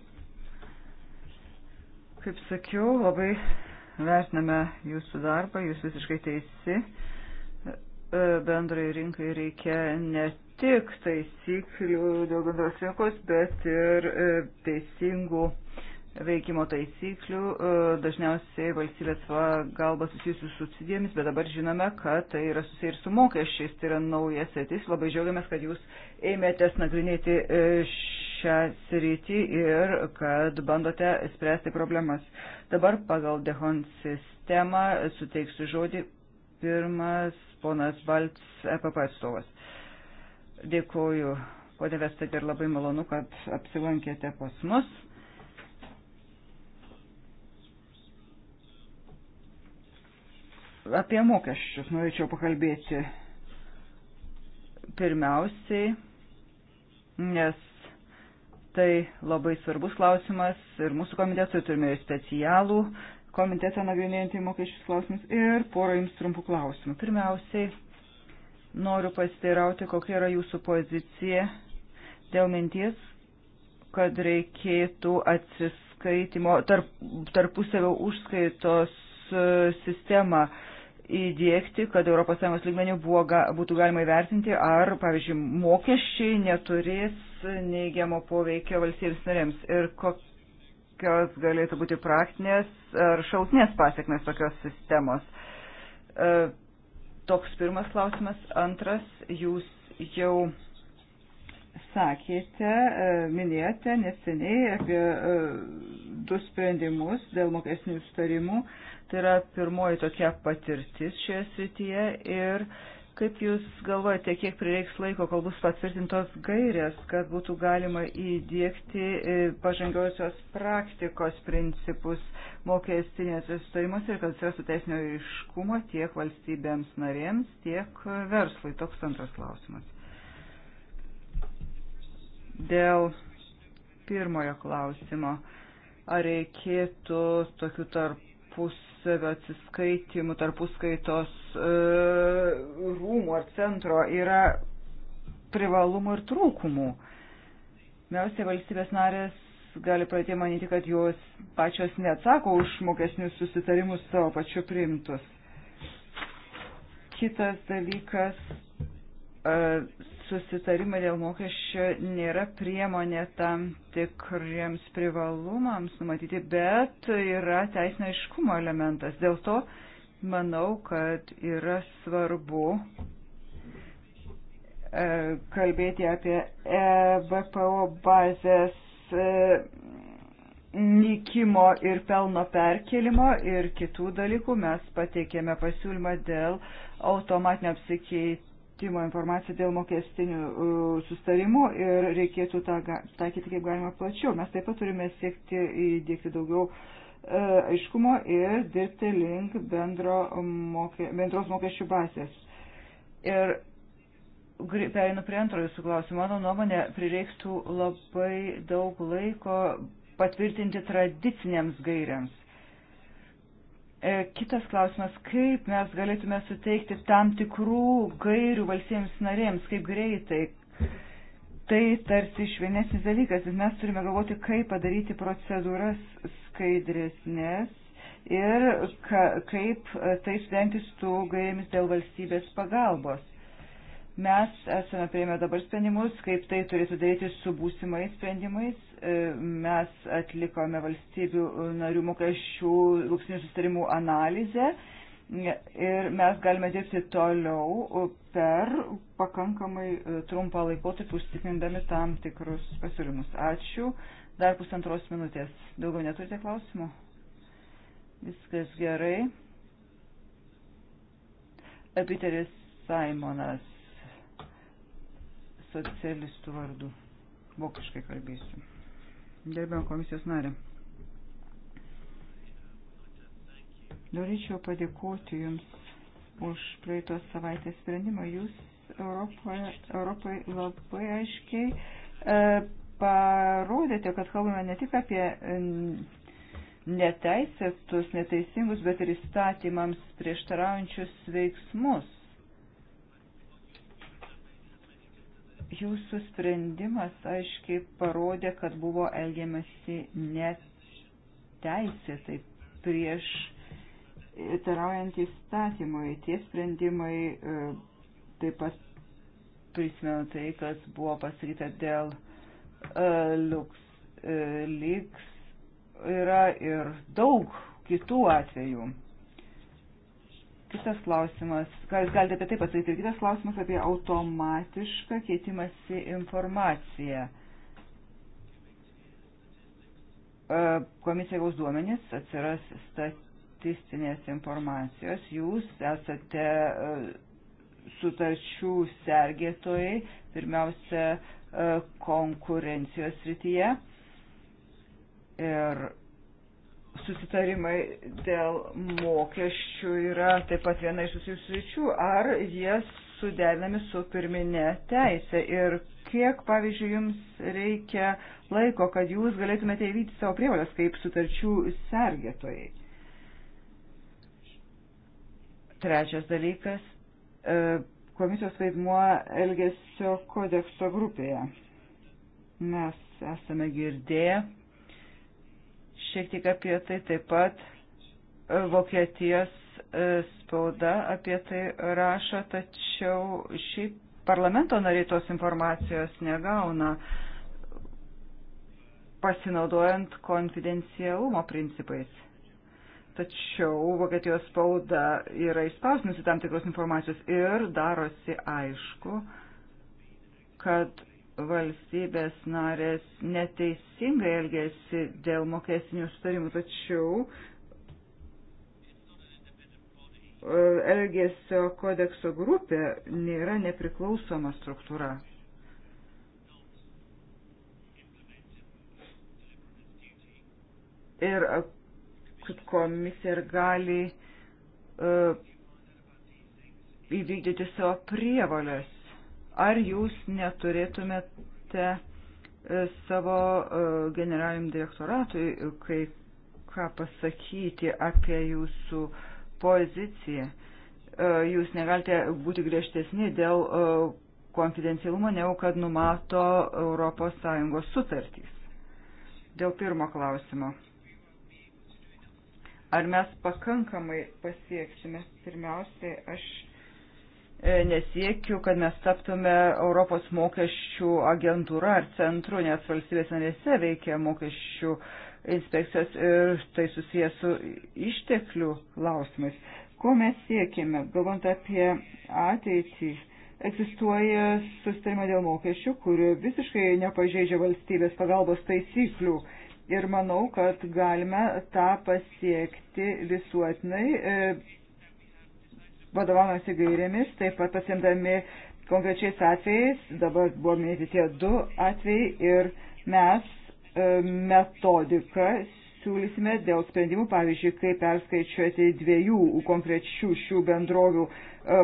Kaip sakiau, labai vertiname jūsų darbą, jūs visiškai teisi E, bendrai rinkai reikia ne tik taisyklių dėl bendros rinkos, bet ir e, teisingų veikimo taisyklių, e, dažniausiai valstybės pagalba susijusių subsidijomis, bet dabar žinome, kad tai yra susiję ir su mokesčiais, tai yra nauja sritis. Labai džiaugiamės, kad jūs ėmėtės nagrinėti šią sritį ir kad bandote spręsti problemas. Dabar pagal Dehon sistemą suteiksiu žodį Pirmas ponas Balts, EPP atstovas. Dėkuoju, ponė Vestat, ir labai malonu, kad apsilankėte pas mus. Apie mokesčius norėčiau pakalbėti pirmiausiai, nes tai labai svarbus klausimas ir mūsų komitetui turime specialų komitetą nagrinėjantį mokesčius klausimus ir porą jums trumpų klausimų. Pirmiausiai, noriu pasiteirauti, kokia yra jūsų pozicija dėl minties, kad reikėtų atsiskaitimo tarp, tarpusavio užskaitos e, sistemą įdėkti, kad ES lygmenių buvo, būtų galima įvertinti, ar, pavyzdžiui, mokesčiai neturės neigiamo poveikio valstybės narėms ir kokia kokios galėtų būti praktinės ar šautinės pasiekmes tokios sistemos. E, toks pirmas klausimas. Antras, jūs jau sakėte, e, minėjote neseniai apie e, du sprendimus dėl mokesnių sutarimų. Tai yra pirmoji tokia patirtis šioje srityje ir uh, Kaip Jūs galvojate, kiek prireiks laiko, kol bus patvirtintos gairės, kad būtų galima įdėkti e, pažangiausios praktikos principus mokestinės sustarimus ir kad atsirastų teisinio iškumo tiek valstybėms narėms, tiek verslui? Toks antras klausimas. Dėl pirmojo klausimo, ar reikėtų tokių tarpus tarpusavio atsiskaitimų, tarpuskaitos e, rūmų ar centro yra privalumų ir trūkumų. Miausiai valstybės narės gali pradėti manyti, kad jos pačios neatsako už mokesnius susitarimus savo pačiu priimtus. Kitas dalykas E, susitarimai dėl mokesčio nėra priemonė tam tikriems privalumams numatyti, bet yra teisinio iškumo elementas. Dėl to manau, kad yra svarbu e, kalbėti apie e BPO bazės nykimo ir pelno perkelimo ir kitų dalykų. Mes pateikėme pasiūlymą dėl automatinio apsikeitimo keitimo informaciją dėl mokestinių sustarimų ir reikėtų tą taikyti kaip galima plačiau. Mes taip pat turime siekti įdėkti daugiau e, aiškumo ir dirbti link bendro mokė, bendros mokesčių bazės. Ir perinu prie antrojo jūsų klausimo. Mano nuomonė, prireiktų labai daug laiko patvirtinti tradiciniams gairiams E, kitas klausimas, kaip mes galėtume suteikti tam tikrų gairių valstybėms narėms, kaip greitai. Tai tarsi švenesnis dalykas, nes mes turime galvoti, kaip padaryti procedūras skaidresnės ir ka, kaip e, tai sudengti su gairėmis dėl valstybės pagalbos. Mes esame prieimę dabar sprendimus, kaip tai turėtų daryti su būsimais sprendimais. E, mes atlikome valstybių narių mokesčių rūksinių sustarimų analizę ir mes galime dirbti toliau per pakankamai e, trumpą laikotarpį užtikrindami tam tikrus pasiūlymus. Ačiū. Dar pusantros minutės. Daugiau neturite klausimų? Viskas gerai. Epiteris Simonas socialistų vardu. Vokiškai kalbėsiu. Gerbiam komisijos narė. Norėčiau padėkoti Jums už praeitos savaitės sprendimą. Jūs Europoje, Europoje labai aiškiai e, parodėte, kad kalbame ne tik apie neteisėtus, neteisingus, bet ir įstatymams prieštaraujančius veiksmus. Jūsų sprendimas aiškiai parodė, kad buvo elgiamasi neteisėtai prieš e, taraujant įstatymui. Tie sprendimai e, taip pat prisimenu tai, kas buvo pasakyta dėl uh, liuks, uh, liks, yra ir daug kitų atvejų. Kitas klausimas, ką jūs galite apie tai pasakyti, ir kitas klausimas apie automatišką keitimąsi informaciją. E, komisija gaus duomenys, atsiras statistinės informacijos, jūs esate e, sutarčių sergėtojai, pirmiausia, e, konkurencijos rytyje. Ir susitarimai dėl mokesčių yra taip pat viena iš susijusių ryčių, ar jie suderinami su pirminė teisė ir kiek, pavyzdžiui, jums reikia laiko, kad jūs galėtumėte įvykti savo prievalės kaip sutarčių sergėtojai. Trečias dalykas e, - komisijos vaidmuo Elgesio kodekso grupėje. Mes esame girdėję Šiek tiek apie tai taip pat e, Vokietijos e, spauda apie tai rašo, tačiau šiaip parlamento nariai tos informacijos negauna pasinaudojant konfidencialumo principais. Tačiau Vokietijos spauda yra įspausinusi tam tikros informacijos ir darosi aišku, kad valstybės narės neteisingai elgėsi dėl mokesinių sutarimų, tačiau e, elgesio kodekso grupė nėra nepriklausoma struktūra. Ir e, komisija ir gali uh, įvykdyti savo prievalės Ar jūs neturėtumėte e, savo e, generaliniam direktoratui e, kai ką pasakyti apie jūsų poziciją? Jūs negalite būti griežtesni dėl konfidencialumo, negu kad numato ES sutartys. Dėl pirmo klausimo. Ar mes pakankamai pasieksime? Pirmiausiai, aš E, nesiekiu, kad mes taptume Europos mokesčių agentūra ar centru, nes valstybės narėse veikia mokesčių inspekcijos ir tai susijęs su išteklių klausimais. Ko mes siekime, galvant apie ateitį? Egzistuoja sustarimo dėl mokesčių, kuri visiškai nepažeidžia valstybės pagalbos taisyklių ir manau, kad galime tą pasiekti visuotinai e, vadovavomasi gairėmis, taip pat pasimdami konkrečiais atvejais, dabar buvo minėti tie du atvejai ir mes e, metodiką siūlysime dėl sprendimų, pavyzdžiui, kaip perskaičiuoti dviejų konkrečių šių bendrovių e,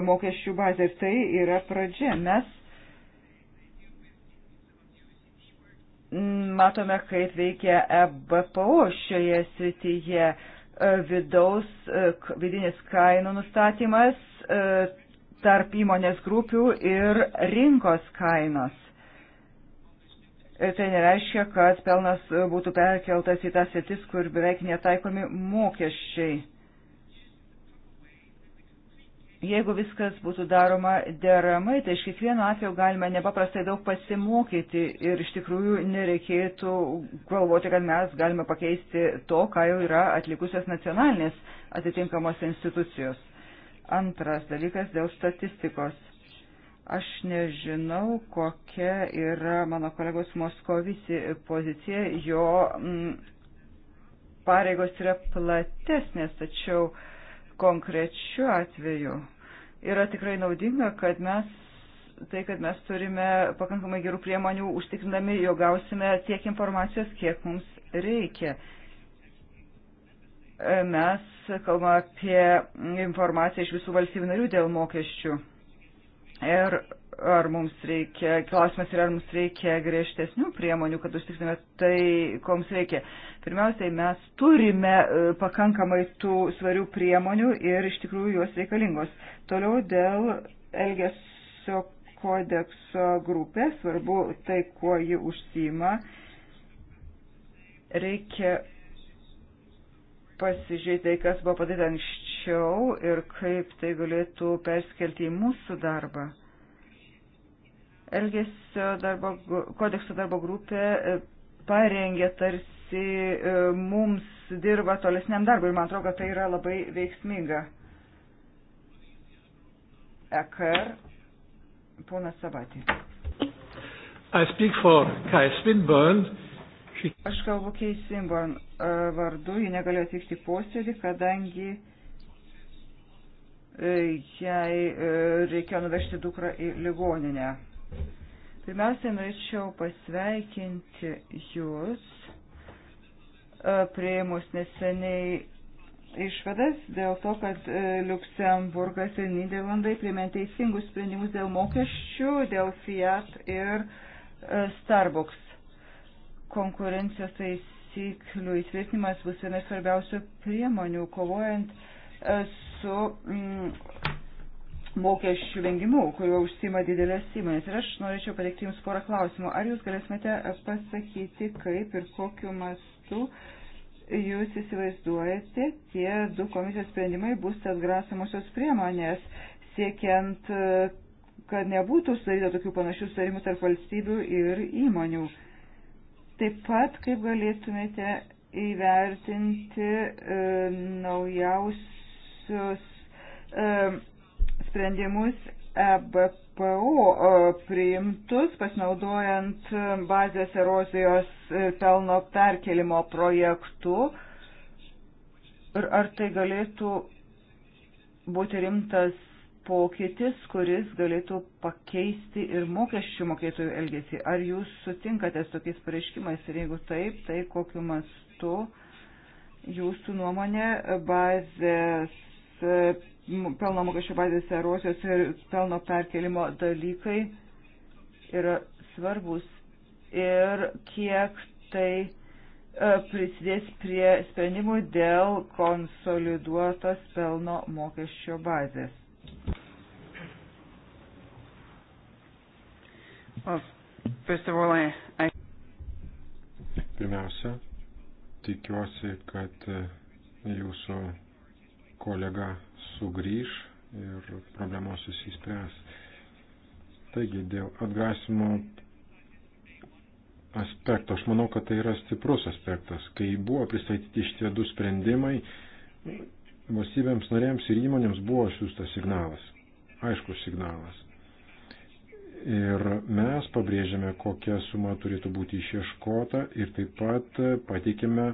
mokesčių bazę. Ir tai yra pradžia. Mes matome, kaip veikia EBPO šioje srityje. E, vidaus, e, vidinis kainų nustatymas e, tarp įmonės grupių ir rinkos kainos. Ir tai nereiškia, kad pelnas būtų perkeltas į tas sėtis, kur beveik netaikomi mokesčiai. Jeigu viskas būtų daroma deramai, tai iš kiekvieno atveju galime nepaprastai daug pasimokyti ir iš tikrųjų nereikėtų galvoti, kad mes galime pakeisti to, ką jau yra atlikusios nacionalinės atitinkamos institucijos. Antras dalykas dėl statistikos. Aš nežinau, kokia yra mano kolegos Moskovici pozicija, jo m, mm, pareigos yra platesnės, tačiau uh, konkrečiu atveju yra tikrai naudinga, kad mes tai, kad mes turime pakankamai gerų priemonių užtikrindami, jo gausime tiek informacijos, kiek mums reikia. E, mes kalbame apie informaciją iš visų valstybių narių dėl mokesčių. Ir ar mums reikia, klausimas yra, ar mums reikia griežtesnių priemonių, kad užtikrintume tai, ko mums reikia. Pirmiausiai, mes turime e, pakankamai tų svarių priemonių ir iš tikrųjų jos reikalingos. Toliau dėl Elgesio kodekso grupės, svarbu tai, kuo ji užsima, reikia pasižiūrėti, tai, kas buvo padaryta anksčiau ir kaip tai galėtų perskelti į mūsų darbą Elgesio darbo, kodekso darbo grupė e, parengė tarsi e, mums dirba tolesniam darbui ir man atrodo, kad tai yra labai veiksminga. EKR, ponas Sabatė. I speak for Kai Swinburne. She... Aš kalbu Kei Swinburne e, vardu, ji negalėjo atvykti posėdį, kadangi jai reikėjo nuvežti dukrą į ligoninę. Pirmiausia, norėčiau pasveikinti Jūs e, prieimus neseniai išvadas dėl to, kad e, Luksemburgas ir Niderlandai priėmė teisingus sprendimus dėl mokesčių, dėl Fiat ir e, Starbucks. Konkurencijos taisyklių įtvirtinimas bus viena svarbiausių priemonių, kovojant su mm, mokesčių vengimu, kuriuo užsima didelės įmonės. Ir aš norėčiau pateikti Jums porą klausimų. Ar Jūs galėsimete pasakyti, kaip ir kokiu mastu Jūs įsivaizduojate, tie du komisijos sprendimai bus atgrasamosios priemonės, siekiant, e, kad nebūtų sudaryta tokių panašių sutarimų tarp valstybių ir įmonių. Taip pat, kaip galėtumėte įvertinti e, naujausius e, sprendimus EBPO e, priimtus, pasinaudojant e, bazės erozijos e, pelno perkelimo projektu. Ir ar tai galėtų būti rimtas pokytis, kuris galėtų pakeisti ir mokesčių mokėtojų elgesį? Ar jūs sutinkate su tokiais pareiškimais ir jeigu taip, tai kokiu mastu jūsų nuomonė bazės pelno mokesčio bazės erozijos ir pelno perkelimo dalykai yra svarbus ir kiek tai e, prisidės prie sprendimų dėl konsoliduotos pelno mokesčio bazės. Pirmiausia, tikiuosi, kad e, jūsų kolega sugrįž ir problemos susispręs. Taigi dėl atgrasimo aspekto, aš manau, kad tai yra stiprus aspektas. Kai buvo pristatyti šitie du sprendimai, valstybėms norėms ir įmonėms buvo siūstas signalas, aiškus signalas. Ir mes pabrėžėme, kokia suma turėtų būti išieškota ir taip pat pateikėme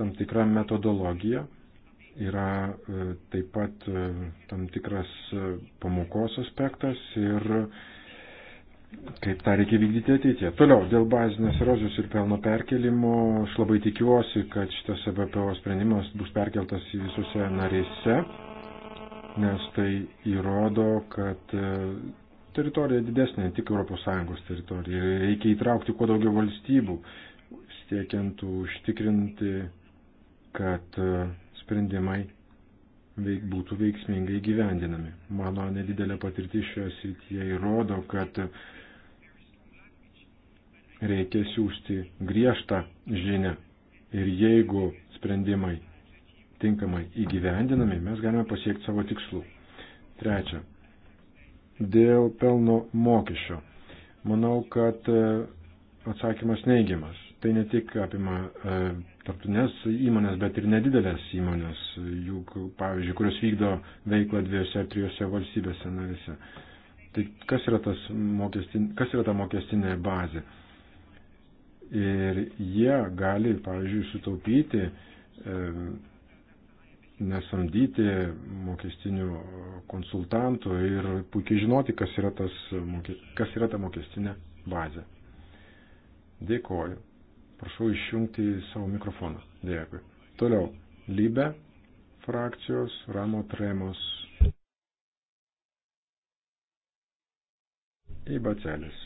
tam tikrą metodologiją, yra e, taip pat e, tam tikras e, pamokos aspektas ir kaip tą reikia vykdyti ateityje. Toliau, dėl bazinės erozijos ir pelno perkelimo, aš labai tikiuosi, kad šitas BPO sprendimas bus perkeltas į visose narėse, nes tai įrodo, kad teritorija didesnė, ne tik ES teritorija, reikia įtraukti kuo daugiau valstybių, siekiant užtikrinti, kad uh, sprendimai veik, būtų veiksmingai gyvendinami. Mano nedidelė patirtis šioje srityje įrodo, kad reikia siūsti griežtą žinę ir jeigu sprendimai tinkamai įgyvendinami, mes galime pasiekti savo tikslų. Trečia, dėl pelno mokesčio. Manau, kad e, atsakymas neigiamas. Tai ne tik apima e, tarptautinės įmonės, bet ir nedidelės įmonės, jų, pavyzdžiui, kurios vykdo veiklą dviejose ar trijose valstybėse narėse. Tai kas yra, tas mokestin, kas yra ta mokestinė bazė? Ir jie gali, pavyzdžiui, sutaupyti, e, nesamdyti mokestinių konsultantų ir puikiai žinoti, kas yra, tas, kas yra ta mokestinė bazė. Dėkoju. Prašau išjungti savo mikrofoną. Dėkui. Toliau. Libe frakcijos Ramo Tremos. Į bacelis.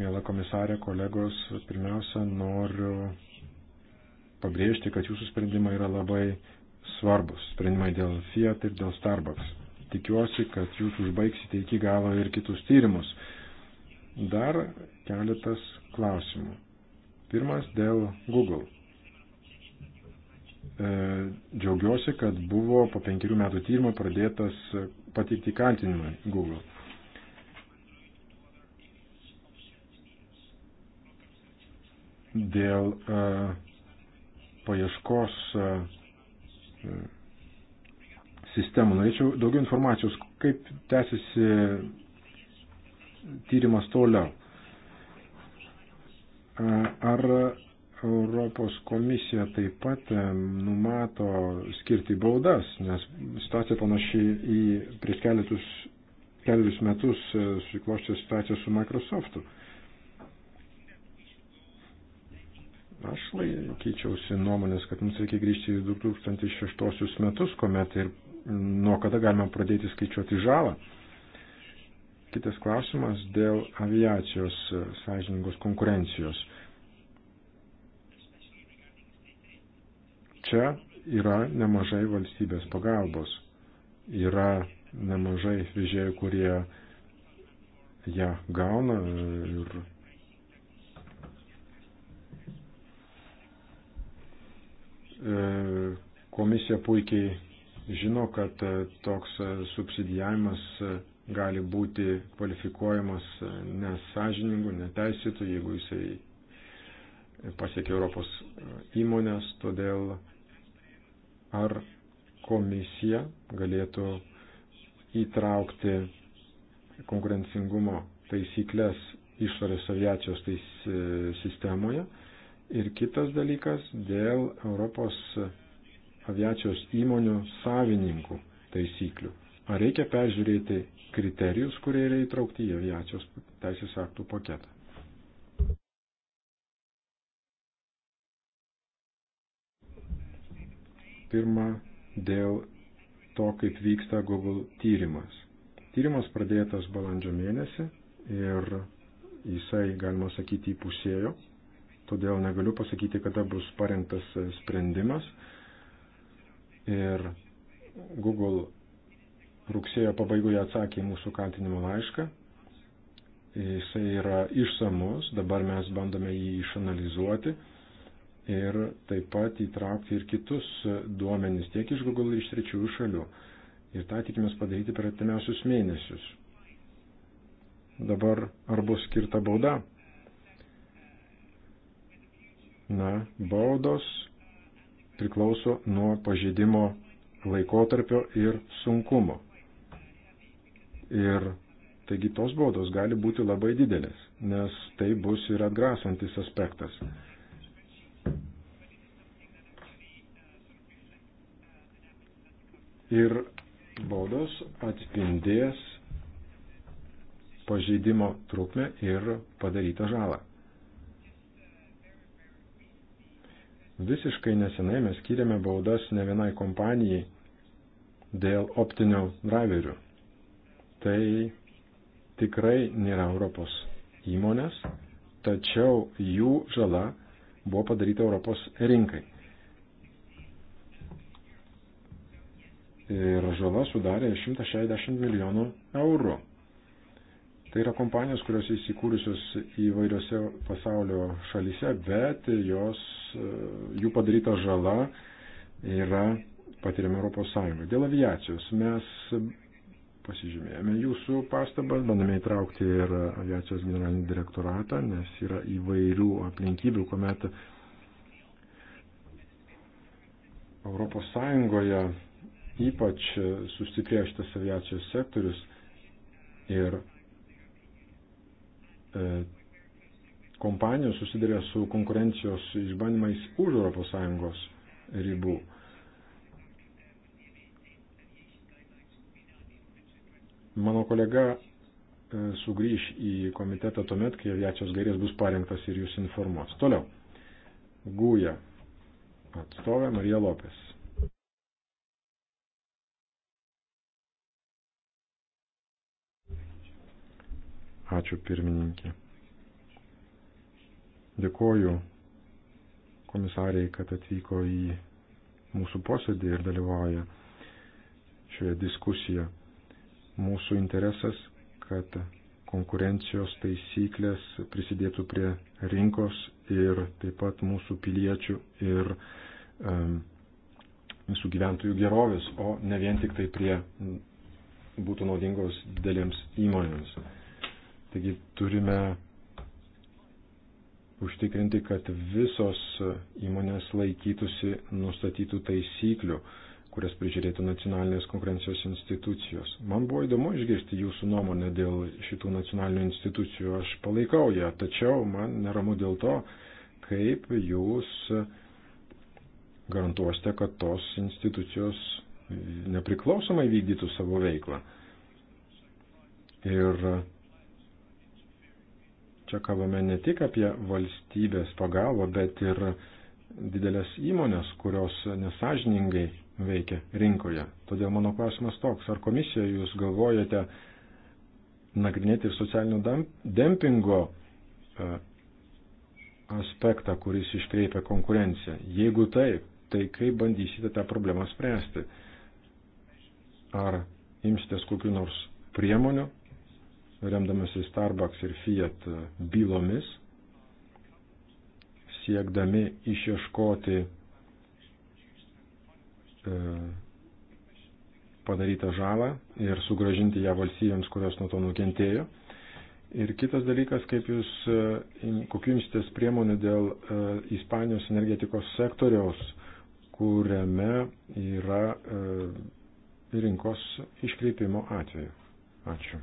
Mėla komisarė, kolegos, pirmiausia, noriu pabrėžti, kad jūsų sprendimai yra labai svarbus. Sprendimai dėl Fiat ir dėl Starbucks. Tikiuosi, kad jūs užbaigsite iki galo ir kitus tyrimus. Dar keletas klausimų. Pirmas dėl Google. E, džiaugiuosi, kad buvo po penkerių metų tyrimo pradėtas pateikti kaltinimai Google. Dėl uh, paieškos uh, sistemų norėčiau daugiau informacijos, kaip tęsiasi tyrimas toliau Ar Europos komisija taip pat e, numato skirti baudas, nes situacija panašiai į prieš keletus, kelius metus e, susikloščia situacija su Microsoftu. Aš laikyčiausi nuomonės, kad mums reikia grįžti į 2006 metus, kuomet ir nuo kada galima pradėti skaičiuoti žalą. Kitas klausimas dėl aviacijos sąžiningos konkurencijos. Čia yra nemažai valstybės pagalbos. Yra nemažai vežėjų, kurie ją gauna ir e, komisija puikiai žino, kad toks subsidijavimas gali būti kvalifikuojamas nesažiningu, neteisėtu, jeigu jisai pasiekia Europos įmonės, todėl ar komisija galėtų įtraukti konkurencingumo taisyklės išorės aviacijos tais, e, sistemoje. Ir kitas dalykas dėl Europos aviacijos įmonių savininkų taisyklių. Ar reikia peržiūrėti kriterijus, kurie yra įtraukti į aviacijos teisės aktų paketą? Pirma, dėl to, kaip vyksta Google tyrimas. Tyrimas pradėtas balandžio mėnesį ir jisai, galima sakyti, įpusėjo, todėl negaliu pasakyti, kada bus parengtas sprendimas. Ir Google rugsėjo pabaigoje atsakė į mūsų kaltinimo laišką. Jisai yra išsamus, dabar mes bandome jį išanalizuoti ir taip pat įtraukti ir kitus duomenis tiek iš Google ir iš trečiųjų šalių. Ir tą tikimės padaryti per atimiausius mėnesius. Dabar ar bus skirta bauda? Na, baudos priklauso nuo pažeidimo laikotarpio ir sunkumo. Ir taigi tos baudos gali būti labai didelės, nes tai bus ir atgrasantis aspektas. Ir baudos atspindės pažeidimo trukmę ir padarytą žalą. Visiškai nesenai mes skiriame baudas ne vienai kompanijai dėl optinių driverių tai tikrai nėra Europos įmonės, tačiau jų žala buvo padaryta Europos rinkai. Ir žala sudarė 160 milijonų eurų. Tai yra kompanijos, kurios įsikūrusios įvairiose pasaulio šalyse, bet jos, jų padaryta žala yra patiriama Europos Sąjungoje. Dėl aviacijos mes pasižymėjome jūsų pastabas, bandome įtraukti ir aviacijos generalinį direktoratą, nes yra įvairių aplinkybių, kuomet Europos Sąjungoje ypač sustiprėjo šitas aviacijos sektorius ir e, kompanijos susiduria su konkurencijos išbandymais už Europos Sąjungos ribų. Mano kolega e, sugrįž į komitetą tuomet, kai aviacijos gairės bus parengtas ir jūs informuos. Toliau. Gūja atstovė Marija Lopes. Ačiū pirmininkė. Dėkoju komisariai, kad atvyko į mūsų posėdį ir dalyvauja šioje diskusijoje mūsų interesas, kad konkurencijos taisyklės prisidėtų prie rinkos ir taip pat mūsų piliečių ir um, visų gyventojų gerovės, o ne vien tik tai prie būtų naudingos didelėms įmonėms. Taigi turime užtikrinti, kad visos įmonės laikytųsi nustatytų taisyklių, uh, kurias prižiūrėtų nacionalinės konkurencijos institucijos. Man buvo įdomu išgirsti jūsų nuomonę dėl šitų nacionalinių institucijų. Aš palaikau ją, tačiau man neramu dėl to, kaip jūs garantuosite, kad tos institucijos nepriklausomai vykdytų savo veiklą. Ir čia kalbame ne tik apie valstybės pagalbą, bet ir didelės įmonės, kurios nesažiningai veikia rinkoje. Todėl mano klausimas toks, ar komisija jūs galvojate nagrinėti ir socialinio dempingo e, aspektą, kuris iškreipia konkurenciją? Jeigu taip, tai kaip bandysite tą problemą spręsti? Ar imsitės kokiu nors priemonių, remdamasi Starbucks ir Fiat e, bylomis, siekdami išieškoti E, padarytą žalą ir sugražinti ją valstybėms, kurios nuo to nukentėjo. Ir kitas dalykas, kaip jūs, e, kokiu imsitės priemonė dėl e, Ispanijos energetikos sektoriaus, kuriame yra rinkos iškreipimo atveju. Ačiū.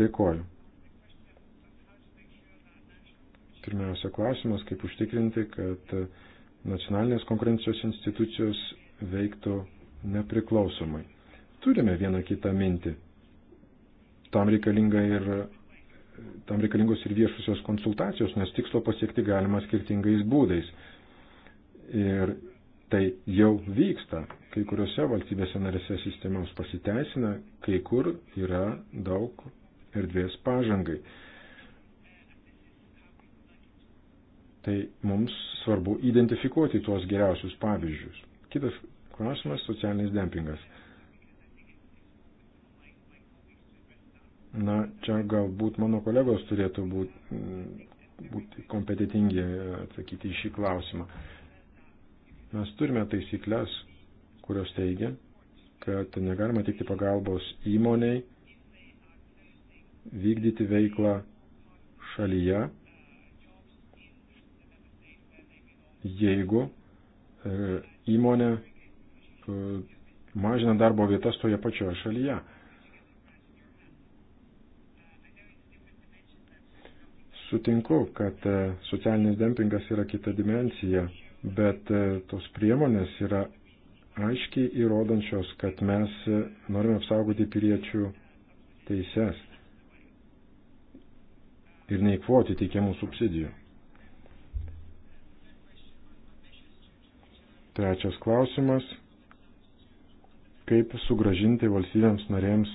Dėkoju. Pirmiausia klausimas, kaip užtikrinti, kad nacionalinės konkurencijos institucijos veiktų nepriklausomai. Turime vieną kitą mintį. Tam, reikalinga ir, tam reikalingos ir viešusios konsultacijos, nes tikslo pasiekti galima skirtingais būdais. Ir tai jau vyksta. Kai kuriuose valstybėse narėse sistemos pasiteisina, kai kur yra daug erdvės pažangai. Tai mums svarbu identifikuoti tuos geriausius pavyzdžius. Kitas klausimas - socialinis dempingas. Na, čia galbūt mano kolegos turėtų būti, būti kompetitingi atsakyti į šį klausimą. Mes turime taisyklės, kurios teigia, kad negalima teikti pagalbos įmoniai vykdyti veiklą šalyje, jeigu e, įmonė e, mažina darbo vietas toje pačioje šalyje. Sutinku, kad e, socialinis dempingas yra kita dimensija, bet tos priemonės yra aiškiai įrodančios, kad mes norime apsaugoti piliečių teises ir neįkvoti teikiamų subsidijų. Trečias klausimas - kaip sugražinti valstybėms narėms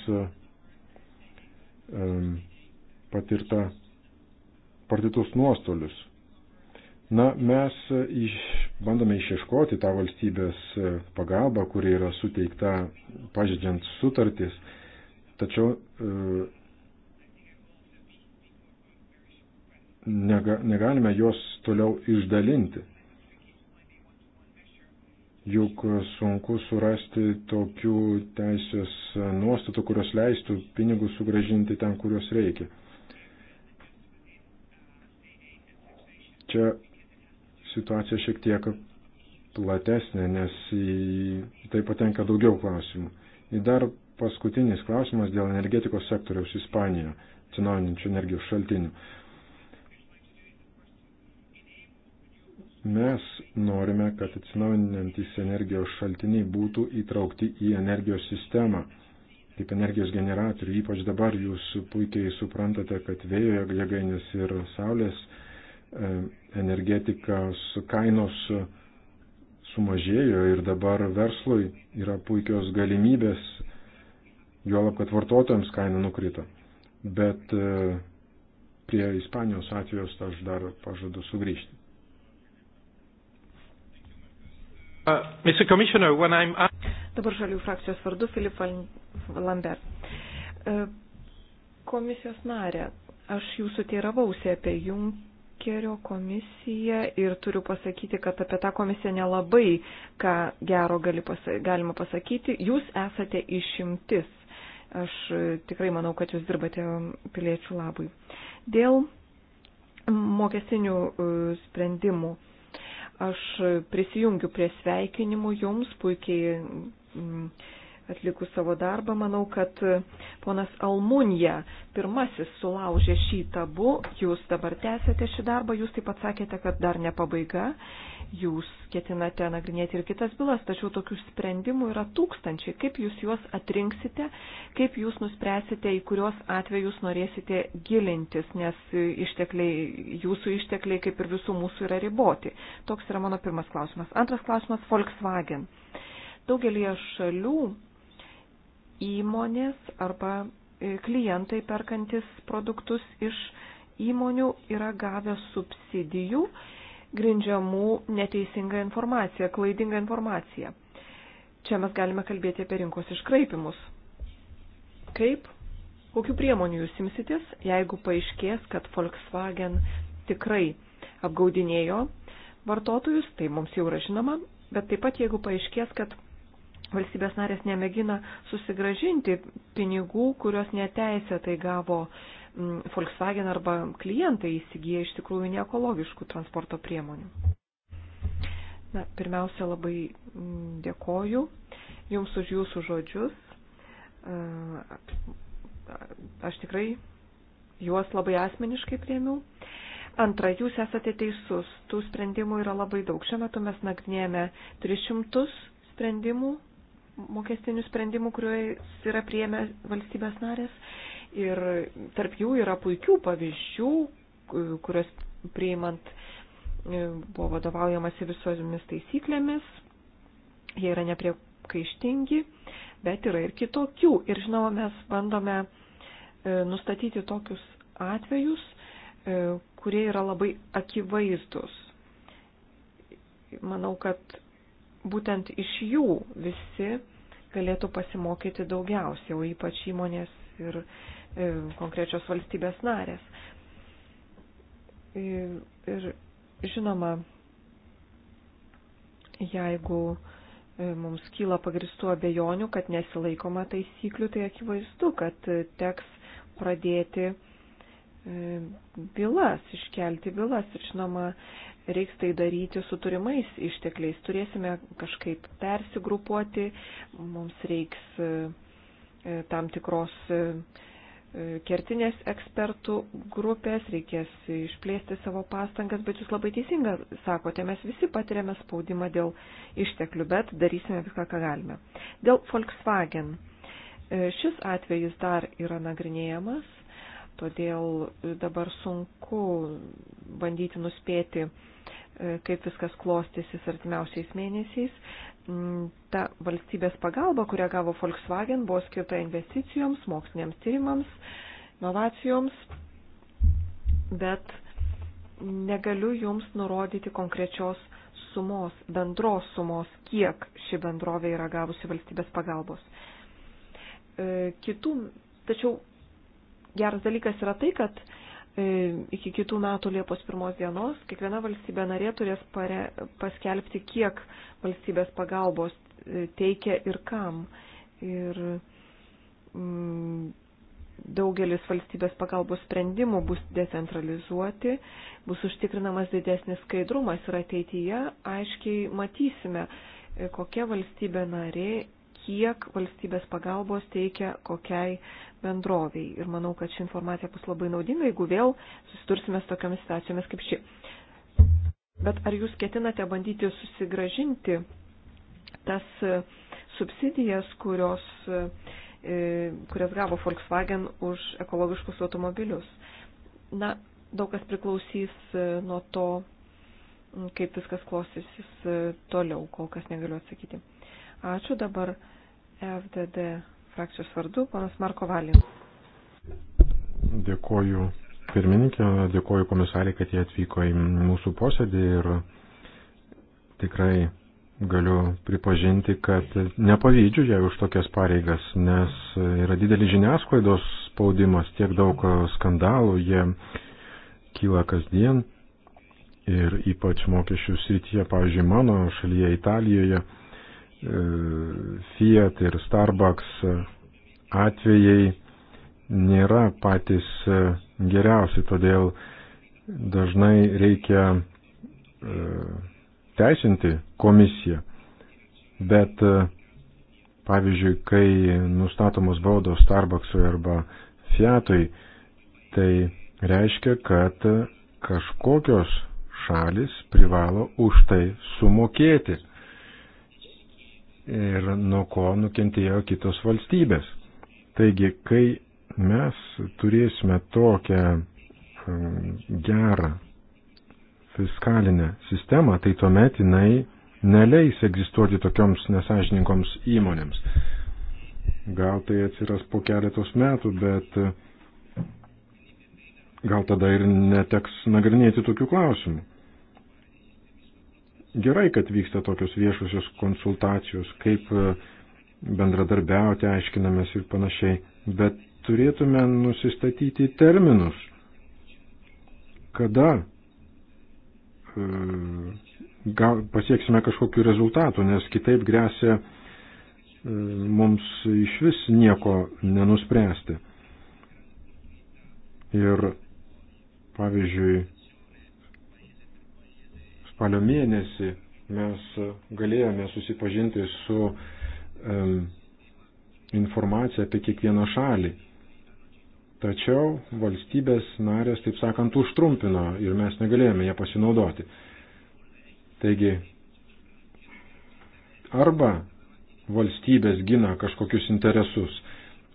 patirtą partitus nuostolius. Na, mes iš, bandome išieškoti tą valstybės e, pagalbą, kuri yra suteikta pažydžiant sutartis, tačiau e, nega, negalime jos toliau išdalinti. Juk sunku surasti tokių teisės nuostatų, kurios leistų pinigus sugražinti ten, kuriuos reikia. Čia situacija šiek tiek platesnė, nes į tai patenka daugiau klausimų. Ir dar paskutinis klausimas dėl energetikos sektoriaus Ispanijoje, atsinaujinančių energijos šaltinių. Mes norime, kad atsinaujinantis energijos šaltiniai būtų įtraukti į energijos sistemą, kaip energijos generatorių. Ypač dabar jūs puikiai suprantate, kad vėjo jėgainės ir saulės e, energetikos kainos sumažėjo ir dabar verslui yra puikios galimybės, juolab, kad vartotojams kaina nukrito. Bet e, prie Ispanijos atvejos aš dar pažadu sugrįžti. Uh, Mr. Commissioner, when I'm... Dabar žalių frakcijos vardu Filip Lambert. Uh, komisijos narė, aš jūsų teiravausi apie Junkerio komisiją ir turiu pasakyti, kad apie tą komisiją nelabai ką gero gali pasa galima pasakyti. Jūs esate išimtis. Aš uh, tikrai manau, kad jūs dirbate um, piliečių labui. Dėl mokestinių uh, sprendimų Aš prisijungiu prie sveikinimų jums, puikiai mm, atlikus savo darbą. Manau, kad ponas Almunija pirmasis sulaužė šį tabu, jūs dabar tęsėte šį darbą, jūs taip pat sakėte, kad dar ne pabaiga Jūs ketinate nagrinėti ir kitas bylas, tačiau tokių sprendimų yra tūkstančiai. Kaip jūs juos atrinksite, kaip jūs nuspręsite, į kuriuos atvejus norėsite gilintis, nes ištekliai, jūsų ištekliai, kaip ir visų mūsų, yra riboti. Toks yra mano pirmas klausimas. Antras klausimas - Volkswagen. Daugelį šalių įmonės arba e, klientai perkantis produktus iš įmonių yra gavę subsidijų grindžiamų neteisinga informacija, klaidinga informacija. Čia mes galime kalbėti apie rinkos iškraipimus. Kaip? Kokiu priemonių jūs imsitės, jeigu paaiškės, kad Volkswagen tikrai apgaudinėjo vartotojus, tai mums jau yra žinoma, bet taip pat jeigu paaiškės, kad valstybės narės nemėgina susigražinti pinigų, kurios neteisėtai gavo Volkswagen arba klientai įsigyja iš tikrųjų neekologiškų transporto priemonių. Na, pirmiausia, labai dėkoju Jums už Jūsų žodžius. Aš tikrai juos labai asmeniškai priemiau. Antra, jūs esate teisus, tų sprendimų yra labai daug. Šiuo metu mes nagrinėjame 300 sprendimų, mokestinių sprendimų, kuriuos yra prieėmę valstybės narės. Ir tarp jų yra puikių pavyzdžių, kurios priimant e, buvo vadovaujamasi visomis taisyklėmis, jie yra nepriekaištingi, bet yra ir kitokių. Ir žinoma, mes bandome e, nustatyti tokius atvejus, e, kurie yra labai akivaizdus. Manau, kad būtent iš jų visi galėtų pasimokyti daugiausiai, o ypač įmonės ir E, konkrečios valstybės narės. E, ir žinoma, jeigu e, mums kyla pagristų abejonių, kad nesilaikoma taisyklių, tai akivaizdu, kad teks pradėti bylas, iškelti bylas ir žinoma, reiks tai daryti su turimais ištekliais. Turėsime kažkaip persigrupuoti, mums reiks tam tikros E, kertinės ekspertų grupės, reikės išplėsti savo pastangas, bet jūs labai teisinga sakote, mes visi patiriame spaudimą dėl išteklių, bet darysime viską, ką galime. Dėl Volkswagen. E, šis atvejis dar yra nagrinėjamas, todėl dabar sunku bandyti nuspėti, e, kaip viskas klostysis artimiausiais mėnesiais, Mm, ta valstybės pagalba, kurią gavo Volkswagen, buvo skirta investicijoms, moksliniams tyrimams, inovacijoms, bet negaliu jums nurodyti konkrečios sumos, bendros sumos, kiek ši bendrovė yra gavusi valstybės pagalbos. E, kitų, tačiau geras dalykas yra tai, kad E, iki kitų metų Liepos pirmos dienos kiekviena valstybė narė turės pare, paskelbti, kiek valstybės pagalbos e, teikia ir kam. Ir mm, daugelis valstybės pagalbos sprendimų bus decentralizuoti, bus užtikrinamas didesnis skaidrumas ir ateityje aiškiai matysime, e, kokia valstybė narė kiek valstybės pagalbos teikia kokiai bendroviai. Ir manau, kad ši informacija bus labai naudinga, jeigu vėl susidursime su tokiamis situacijomis kaip ši. Bet ar jūs ketinate bandyti susigražinti tas e, subsidijas, kurios, e, e, kurias gavo Volkswagen už ekologiškus automobilius? Na, daug kas priklausys nuo to, kaip viskas klostysis toliau, kol kas negaliu atsakyti. Ačiū dabar FDD frakcijos vardu, panas Marko Valin. Dėkoju pirmininkė, dėkoju komisariai, kad jie atvyko į mūsų posėdį ir tikrai galiu pripažinti, kad nepavydžiu jai už tokias pareigas, nes yra didelis žiniasklaidos spaudimas, tiek daug skandalų, jie kyla kasdien ir ypač mokesčių srityje, pavyzdžiui, mano šalyje Italijoje E, Fiat ir Starbucks atvejai nėra patys e, geriausi, todėl dažnai reikia e, teisinti komisiją. Bet pavyzdžiui, kai nustatomos baudos Starbucksui arba Fiatui, tai reiškia, kad kažkokios šalis privalo už tai sumokėti ir nuo ko nukentėjo kitos valstybės. Taigi, kai mes turėsime tokią um, gerą fiskalinę sistemą, tai tuomet jinai neleis egzistuoti tokioms nesažininkoms įmonėms. Gal tai atsiras po keletos metų, bet uh, gal tada ir neteks nagrinėti tokių klausimų gerai, kad vyksta tokios viešusios konsultacijos, kaip e, bendradarbiauti, aiškinamės ir panašiai, bet turėtume nusistatyti terminus, kada e, gal, pasieksime kažkokiu rezultatu, nes kitaip grėsia e, mums iš vis nieko nenuspręsti. Ir pavyzdžiui, spalio mėnesį mes galėjome susipažinti su um, informacija apie kiekvieną šalį. Tačiau valstybės narės, taip sakant, užtrumpino ir mes negalėjome ją pasinaudoti. Taigi, arba valstybės gina kažkokius interesus,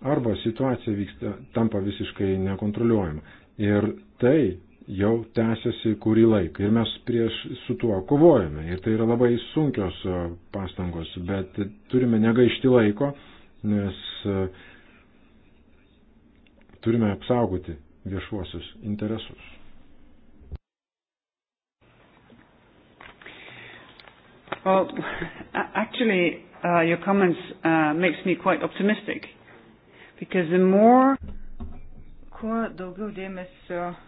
arba situacija vyksta, tampa visiškai nekontroliuojama. Ir tai jau tęsiasi kurį laiką ir mes prieš su tuo kovojame. Ir tai yra labai sunkios e, pastangos, bet turime negaišti laiko, nes e, turime apsaugoti viešuosius interesus. Well, actually, uh, your comments uh, makes me quite optimistic, because the more, kuo daugiau dėmesio uh,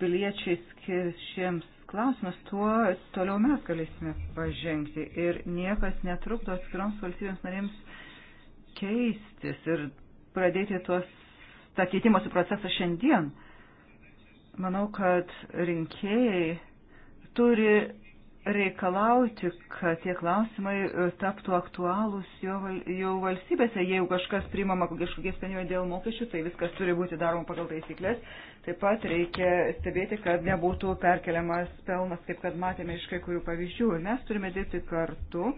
piliečiai skirs šiems klausimas, tuo toliau mes galėsime pažengti ir niekas netrukdo atskiroms valstybėms narėms keistis ir pradėti tuos tą keitimosi procesą šiandien. Manau, kad rinkėjai turi reikalauti, kad tie klausimai e, taptų aktualūs jo, jau valstybėse. Jeigu kažkas priimama kažkokie sprendimai dėl mokesčių, tai viskas turi būti daroma pagal taisyklės. Taip pat reikia stebėti, kad nebūtų perkeliamas pelnas, kaip kad matėme iš kai kurių pavyzdžių. Ir mes turime dirbti kartu,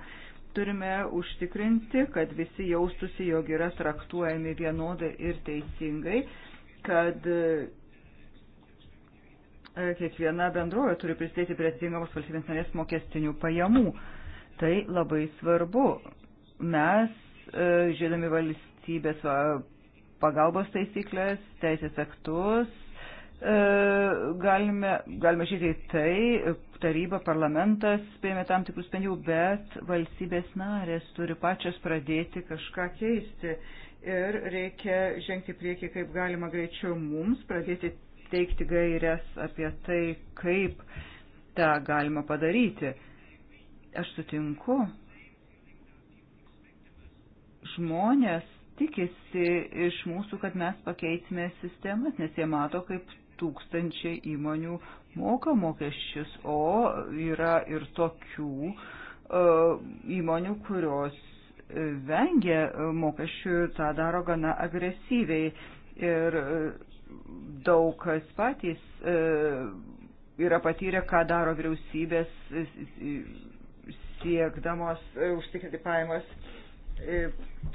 turime užtikrinti, kad visi jaustųsi, jog yra traktuojami vienodai ir teisingai, kad E, kiekviena bendrovė turi prisidėti prie atitinkamos valstybės narės mokestinių pajamų. Tai labai svarbu. Mes, e, žiūrėdami valstybės pagalbos taisyklės, teisės aktus, e, galime, galime žiūrėti į tai, taryba, parlamentas priėmė tam tikrus sprendimų, bet valstybės narės turi pačios pradėti kažką keisti. Ir reikia žengti prieki kaip galima greičiau mums, pradėti pateikti gairias apie tai, kaip tą galima padaryti. Aš sutinku, žmonės tikisi iš mūsų, kad mes pakeisime sistemas, nes jie mato, kaip tūkstančiai įmonių moka mokesčius, o yra ir tokių uh, įmonių, kurios vengia mokesčių ir tą daro gana agresyviai. Ir uh, daug kas patys e, yra patyrę, ką daro vyriausybės e, siekdamos e, užtikrinti pajamas e,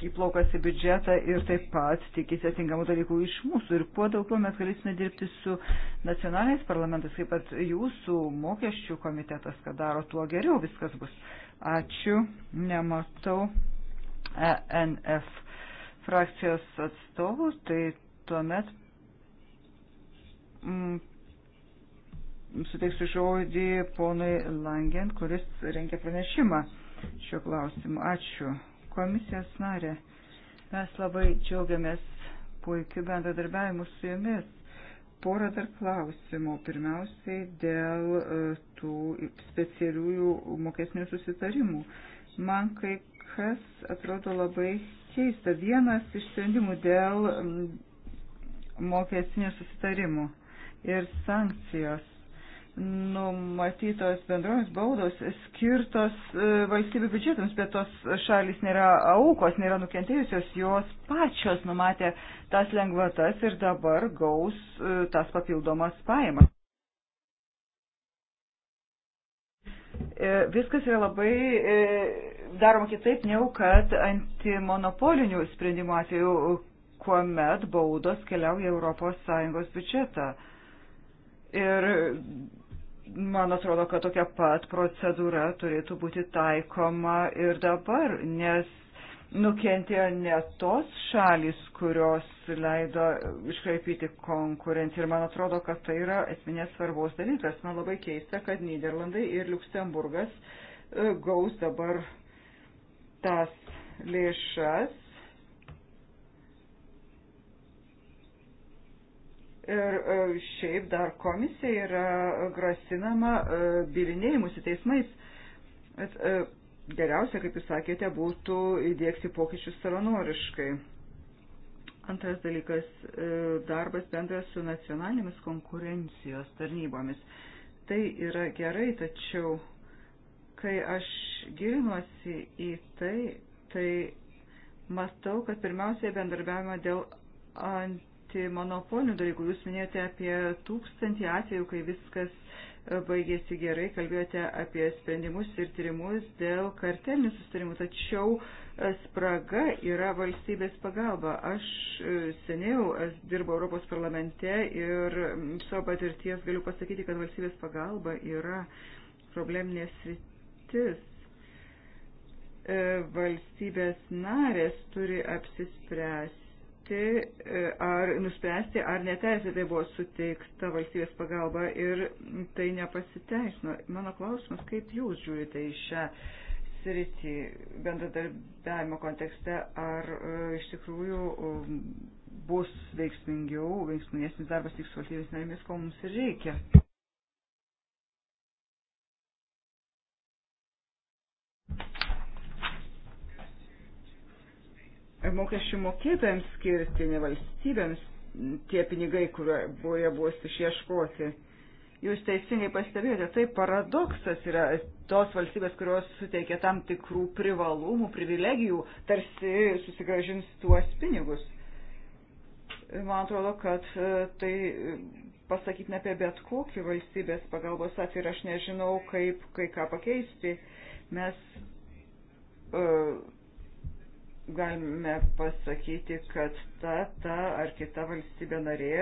įplaukas į biudžetą ir taip pat tikisi atinkamų dalykų iš mūsų. Ir kuo daugiau mes galėsime dirbti su nacionaliniais parlamentais, kaip pat jūsų mokesčių komitetas, ką daro, tuo geriau viskas bus. Ačiū, nematau ENF frakcijos atstovų, tai tuomet mm, suteiksiu žodį ponui Langen, kuris renkia pranešimą šiuo klausimu. Ačiū. Komisijos narė, mes labai džiaugiamės puikiu bendradarbiavimu su jumis. Porą dar klausimų. Pirmiausiai dėl e, tų specialiųjų mokesnių susitarimų. Man kai kas atrodo labai keista. Vienas iš sprendimų dėl mokesnių susitarimų ir sankcijos. Numatytos bendromis baudos skirtos e, valstybių biudžetams, bet tos šalis nėra aukos, nėra nukentėjusios, jos pačios numatė tas lengvatas ir dabar gaus e, tas papildomas pajamas. E, viskas yra labai daroma kitaip, negu kad antimonopolinių sprendimų atveju, kuomet baudos keliauja Europos Sąjungos biudžetą. Ir man atrodo, kad tokia pat procedūra turėtų būti taikoma ir dabar, nes nukentėjo ne tos šalis, kurios leido iškraipyti konkurenciją. Ir man atrodo, kad tai yra esminės svarbos dalykas. Man labai keista, kad Niderlandai ir Luksemburgas e, gaus dabar tas lėšas Ir e, šiaip dar komisija yra grasinama e, bilinėjimusi teismais. Bet e, geriausia, kaip jūs sakėte, būtų įdėkti pokyčius savanoriškai. Antras dalykas - darbas bendras su nacionalinėmis konkurencijos tarnybomis. Tai yra gerai, tačiau kai aš gilinuosi į tai, tai matau, kad pirmiausiai bendarbiavimą dėl ant išvengti monopolinių dalykų. Jūs minėjote apie tūkstantį atvejų, kai viskas e, baigėsi gerai, kalbėjote apie sprendimus ir tyrimus dėl kartelinių sustarimų, tačiau e, spraga yra valstybės pagalba. Aš e, seniau dirbau Europos parlamente ir savo patirties galiu pasakyti, kad valstybės pagalba yra probleminės sritis. Valstybės narės turi apsispręsti pateikti e, ar nuspręsti, ar neteisėtai buvo suteikta valstybės pagalba ir tai nepasiteisino. Mano klausimas, kaip jūs žiūrite į šią sritį bendradarbiavimo kontekste, ar e, iš tikrųjų e, bus veiksmingiau, veiksmingesnis darbas tik su valstybės narėmis, ko mums reikia? mokesčių mokėtojams skirti, ne valstybėms tie pinigai, kurie buvo, buvo išieškoti. Jūs teisingai pastebėjote, tai paradoksas yra tos valstybės, kurios suteikia tam tikrų privalumų, privilegijų, tarsi susigražins tuos pinigus. Man atrodo, kad e, tai e, pasakyti ne apie bet kokį valstybės pagalbos atvejį ir aš nežinau, kaip kai ką pakeisti. Mes uh, galime pasakyti, kad ta, ta ar kita valstybė narė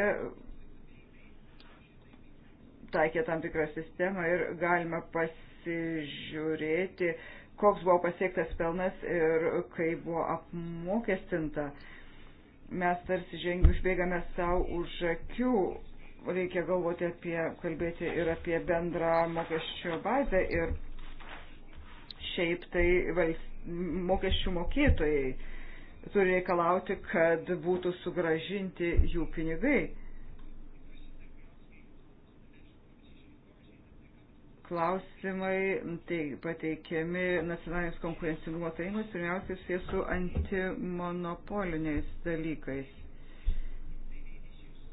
taikė tam tikrą sistemą ir galime pasižiūrėti, koks buvo pasiektas pelnas ir kaip buvo apmokestinta. Mes tarsi žengiu užbėgame savo už akių, reikia galvoti apie, kalbėti ir apie bendrą mokesčio bazę ir šiaip tai valstybė mokesčių mokėtojai turi reikalauti, kad būtų sugražinti jų pinigai. Klausimai tai, pateikiami nacionalinės konkurencingumo tarybos pirmiausiai susijęs su antimonopoliniais dalykais.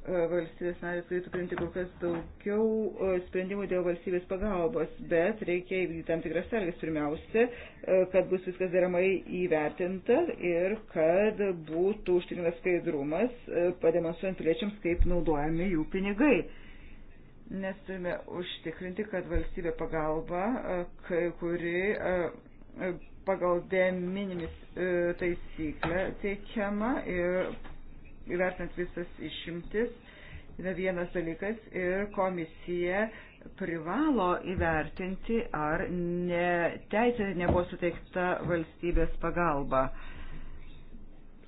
E, valstybės narės turėtų priimti kur kas daugiau e, sprendimų dėl valstybės pagalbos, bet reikia įvykdyti tam tikras sąlygas. Pirmiausia, e, kad bus viskas deramai įvertinta ir kad būtų užtikrintas skaidrumas, pademonstruojant piliečiams, kaip naudojami jų pinigai. Nes turime užtikrinti, kad valstybė pagalba, kuri pagal deminimis taisyklę teikiama ir įvertinant visas išimtis, yra vienas dalykas ir komisija privalo įvertinti, ar ne, teisė nebuvo suteikta valstybės pagalba.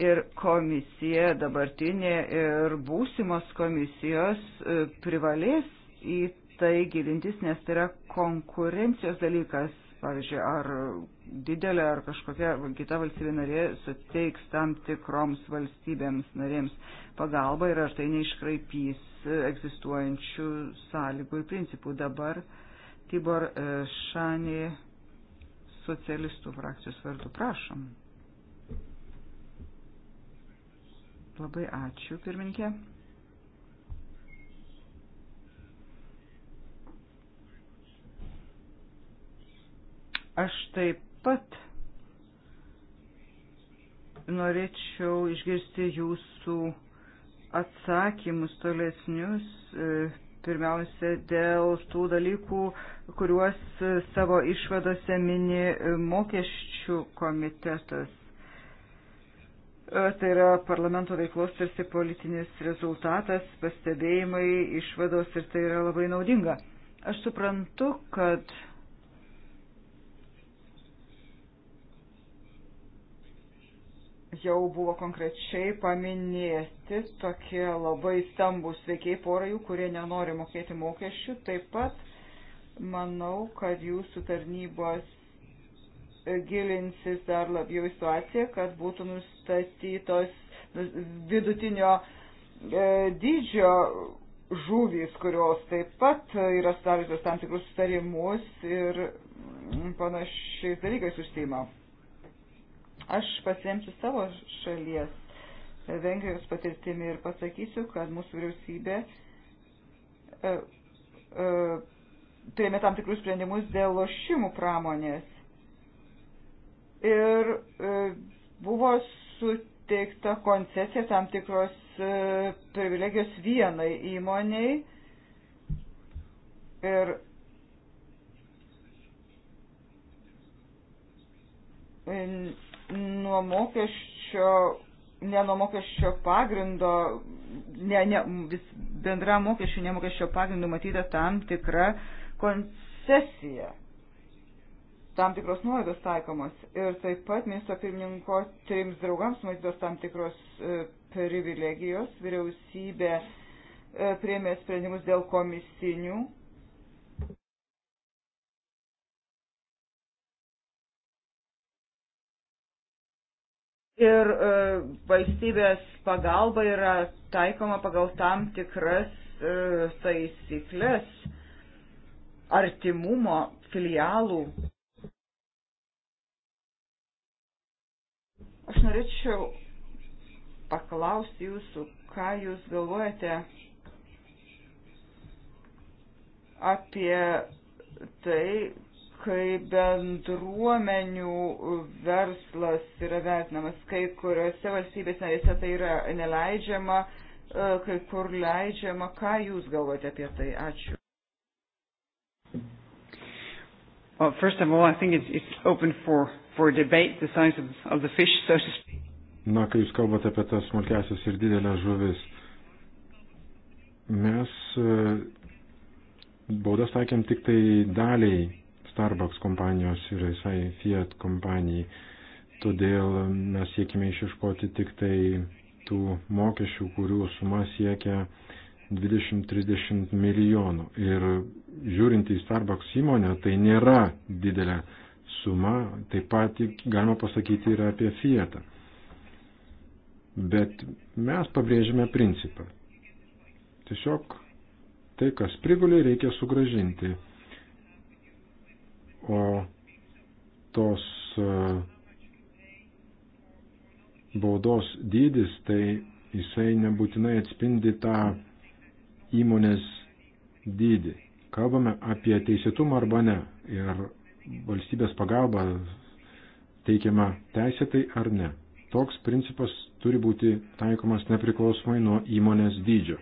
Ir komisija dabartinė ir būsimos komisijos e, privalės į tai gilintis, nes tai yra konkurencijos dalykas, pavyzdžiui, ar didelė ar kažkokia kita valstybė narė suteiks tam tikroms valstybėms narėms pagalbą ir ar tai neiškraipys egzistuojančių sąlygų ir principų. Dabar Tibor e, Šanė socialistų frakcijos vardu prašom. Labai ačiū, pirminkė. Aš taip pat norėčiau išgirsti jūsų atsakymus tolesnius, e, pirmiausia, dėl tų dalykų, kuriuos savo išvadose mini mokesčių komitetas. E, tai yra parlamento veiklos tarsi politinis rezultatas, pastebėjimai, išvados ir tai yra labai naudinga. Aš suprantu, kad jau buvo konkrečiai paminėti tokie labai stambus veikiai pora jų, kurie nenori mokėti mokesčių. Taip pat manau, kad jūsų tarnybos gilinsis dar labiau į situaciją, kad būtų nustatytos vidutinio e, dydžio žuvys, kurios taip pat yra sudariusios tam tikrus sutarimus ir panašiais dalykais užsima. Aš pasiremsiu savo šalies e, Vengrijos patirtimi ir pasakysiu, kad mūsų vyriausybė e, e, priėmė tam tikrus sprendimus dėl lošimų pramonės. Ir e, buvo suteikta koncesija tam tikros e, privilegijos vienai įmoniai. Ir nuo mokesčio, ne nuo mokesčio pagrindo, ne, ne, vis bendra mokesčių, ne mokesčio pagrindo matyta tam tikra koncesija tam tikros nuolaidos taikomos. Ir taip pat ministro pirmininko trims draugams matytos tam tikros e, privilegijos. Vyriausybė e, priemė sprendimus dėl komisinių ir e, valstybės pagalba yra taikoma pagal tam tikras e, taisyklės artimumo filialų. Aš norėčiau paklausti jūsų, ką jūs galvojate apie tai, kai bendruomenių verslas yra vertinamas, kai kuriuose valstybės narėse tai yra neleidžiama, e, kai kur leidžiama. Ką Jūs galvojate apie tai? Ačiū. Well, first of all, I think it's, it's open for, for debate the size of, of the fish, so to speak. Na, kai jūs kalbate apie tas smulkesias ir didelės žuvis, mes e, baudas taikėm tik tai daliai Starbucks kompanijos ir visai Fiat kompanijai. Todėl mes siekime išieškoti tik tai tų mokesčių, kurių suma siekia 20-30 milijonų. Ir žiūrint į Starbucks įmonę, tai nėra didelė suma, taip pat galima pasakyti ir apie Fiatą. Bet mes pabrėžime principą. Tiesiog tai, kas prigulė, reikia sugražinti o tos e, baudos dydis, tai jisai nebūtinai atspindi tą įmonės dydį. Kalbame apie teisėtumą arba ne. Ir valstybės pagalba teikiama teisėtai ar ne. Toks principas turi būti taikomas nepriklausomai nuo įmonės dydžio.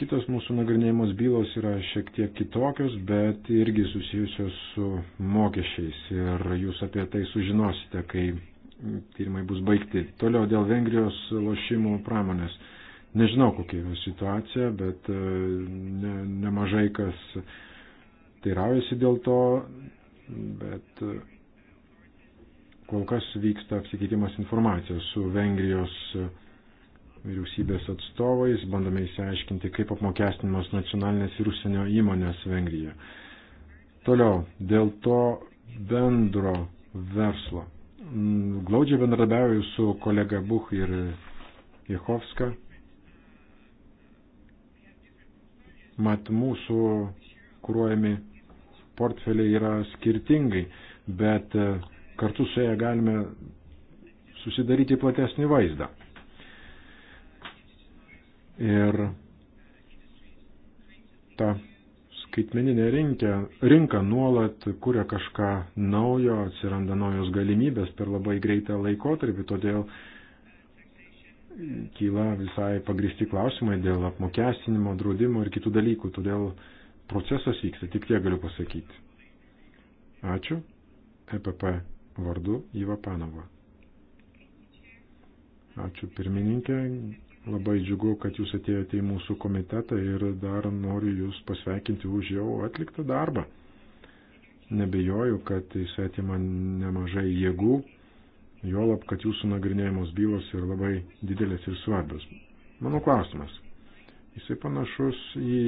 Kitos mūsų nagrinėjimos bylos yra šiek tiek kitokios, bet irgi susijusios su mokesčiais ir jūs apie tai sužinosite, kai tyrimai bus baigti. Toliau dėl Vengrijos lošimų pramonės. Nežinau, kokia yra situacija, bet e, ne, nemažai kas teiraujasi dėl to, bet e, kol kas vyksta apsikeitimas informacijos su Vengrijos lošimų pramonės vyriausybės atstovais, bandome įsiaiškinti, kaip apmokestinimas nacionalinės ir užsienio įmonės Vengrija. Toliau, dėl to bendro verslo. Glaudžiai bendradabiauju su kolega Buch ir Jechovska. Mat mūsų kūruojami portfeliai yra skirtingai, bet kartu su jie galime susidaryti platesnį vaizdą. Ir ta skaitmeninė rinkė, rinka nuolat kuria kažką naujo, atsiranda naujos galimybės per labai greitą laikotarpį, todėl kyla visai pagristi klausimai dėl apmokestinimo, draudimo ir kitų dalykų, todėl procesas vyksta, tik tiek galiu pasakyti. Ačiū. EPP vardu Iva Panova. Ačiū pirmininkė, Labai džiugu, kad jūs atėjote į mūsų komitetą ir dar noriu jūs pasveikinti už jau atliktą darbą. Nebejoju, kad jis atima nemažai jėgų, juolab, kad jūsų nagrinėjamos bylos yra labai didelės ir svarbios. Mano klausimas. Jisai panašus į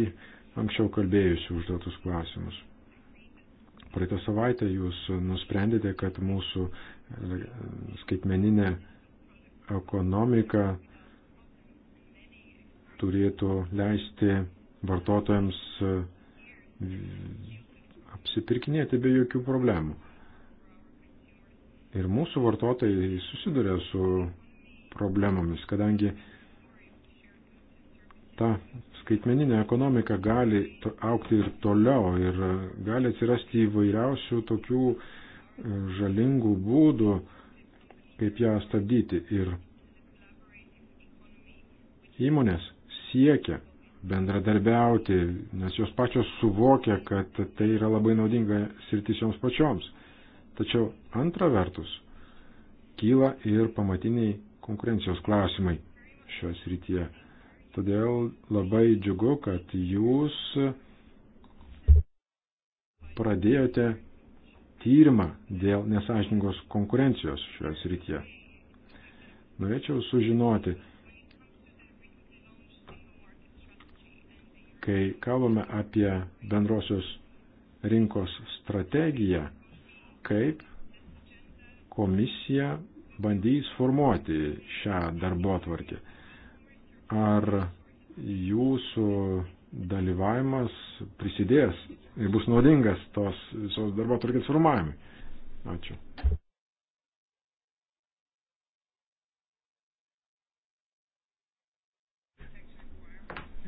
anksčiau kalbėjusių užduotus klausimus. Praeitą savaitę jūs nusprendėte, kad mūsų skaitmeninė ekonomika turėtų leisti vartotojams e, apsipirkinėti be jokių problemų. Ir mūsų vartotojai susiduria su problemomis, kadangi ta skaitmeninė ekonomika gali aukti ir toliau ir gali atsirasti įvairiausių tokių e, žalingų būdų, kaip ją stabdyti. Ir įmonės siekia bendradarbiauti, nes jos pačios suvokia, kad tai yra labai naudinga sritis joms pačioms. Tačiau antra vertus, kyla ir pamatiniai konkurencijos klausimai šioje srityje. Todėl labai džiugu, kad jūs pradėjote tyrimą dėl nesažiningos konkurencijos šioje srityje. Norėčiau sužinoti, Kai kalbame apie bendrosios rinkos strategiją, kaip komisija bandys formuoti šią darbo atvarkę. Ar jūsų dalyvavimas prisidės ir bus naudingas tos visos darbo atvarkės formavimui? Ačiū.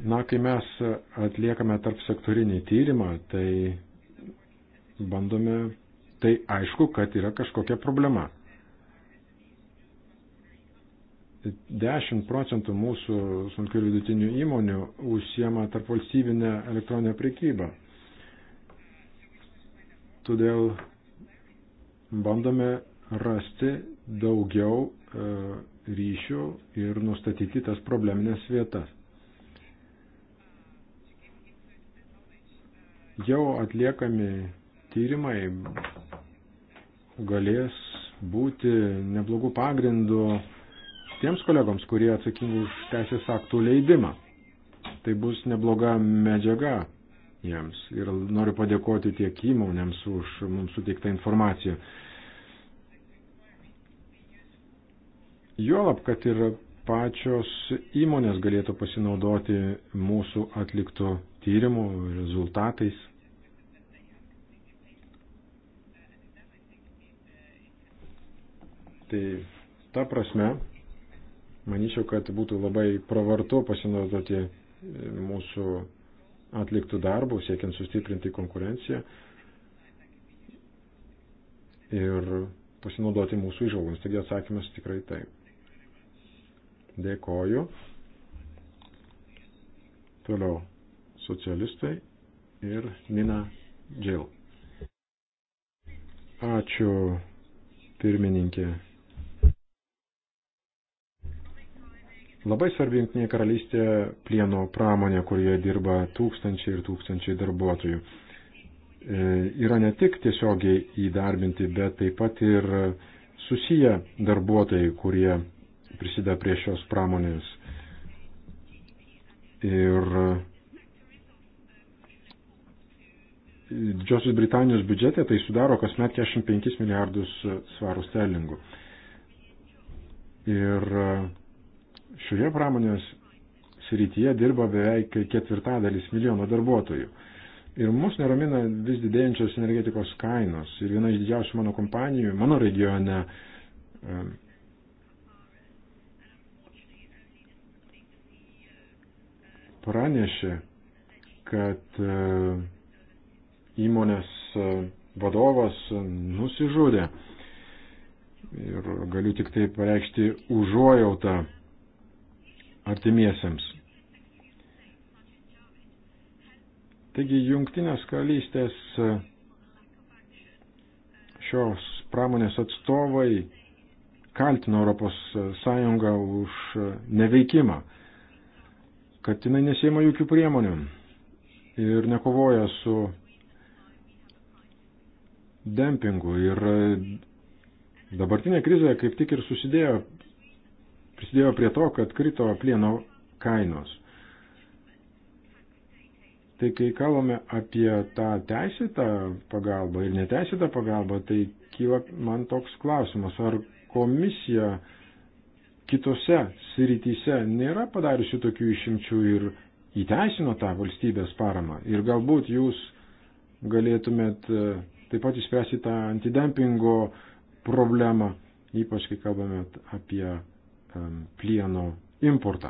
Na, kai mes atliekame tarp sektorinį tyrimą, tai bandome, tai aišku, kad yra kažkokia problema. 10 procentų mūsų sunkių ir vidutinių įmonių užsiema tarp valstybinę elektroninę prekybą. Todėl bandome rasti daugiau e, ryšių ir nustatyti tas probleminės vietas. Jau atliekami tyrimai galės būti neblogų pagrindų tiems kolegoms, kurie atsakingi už teisės aktų leidimą. Tai bus nebloga medžiaga jiems. Ir noriu padėkoti tiek įmonėms už mums suteiktą informaciją. Juolab, kad ir pačios įmonės galėtų pasinaudoti mūsų atliktų tyrimų rezultatais. Tai ta prasme, manyčiau, kad būtų labai pravartu pasinaudoti e, mūsų atliktų darbų, siekiant sustiprinti konkurenciją ir pasinaudoti mūsų išvalgomis. Taigi atsakymas tikrai taip. Dėkoju. Toliau socialistai ir Nina Džil. Ačiū pirmininkė. Labai svarbi Junktinė karalystė plieno pramonė, kurioje dirba tūkstančiai ir tūkstančiai darbuotojų. E, yra ne tik tiesiogiai įdarbinti, bet taip pat ir susiję darbuotojai, kurie prisideda prie šios pramonės. Ir Didžiosios Britanijos biudžete tai sudaro kasmet 45 milijardus svarų sterlingų. Ir e, šioje pramonės srityje dirba beveik ketvirtadalis milijono darbuotojų. Ir mus neramina vis didėjančios energetikos kainos. Ir viena iš didžiausių mano kompanijų, mano regione, e, pranešė, kad e, įmonės e, vadovas nusižudė. Ir galiu tik tai pareikšti užuojautą artimiesiems. Taigi jungtinės karalystės e, šios pramonės atstovai kaltino Europos Sąjungą už e, neveikimą, kad jinai nesėma jokių priemonių ir nekovoja su dempingu. Ir e, dabartinė krizė kaip tik ir susidėjo, prisidėjo prie to, kad krito plieno kainos. Tai kai kalbame apie tą teisėtą pagalbą ir neteisėtą pagalbą, tai kyla man toks klausimas, ar komisija kitose srityse nėra padariusi tokių išimčių ir įteisino tą valstybės paramą. Ir galbūt jūs galėtumėt e, taip pat išspręsti tą antidempingo problemą, ypač kai kalbame apie um, plieno importą.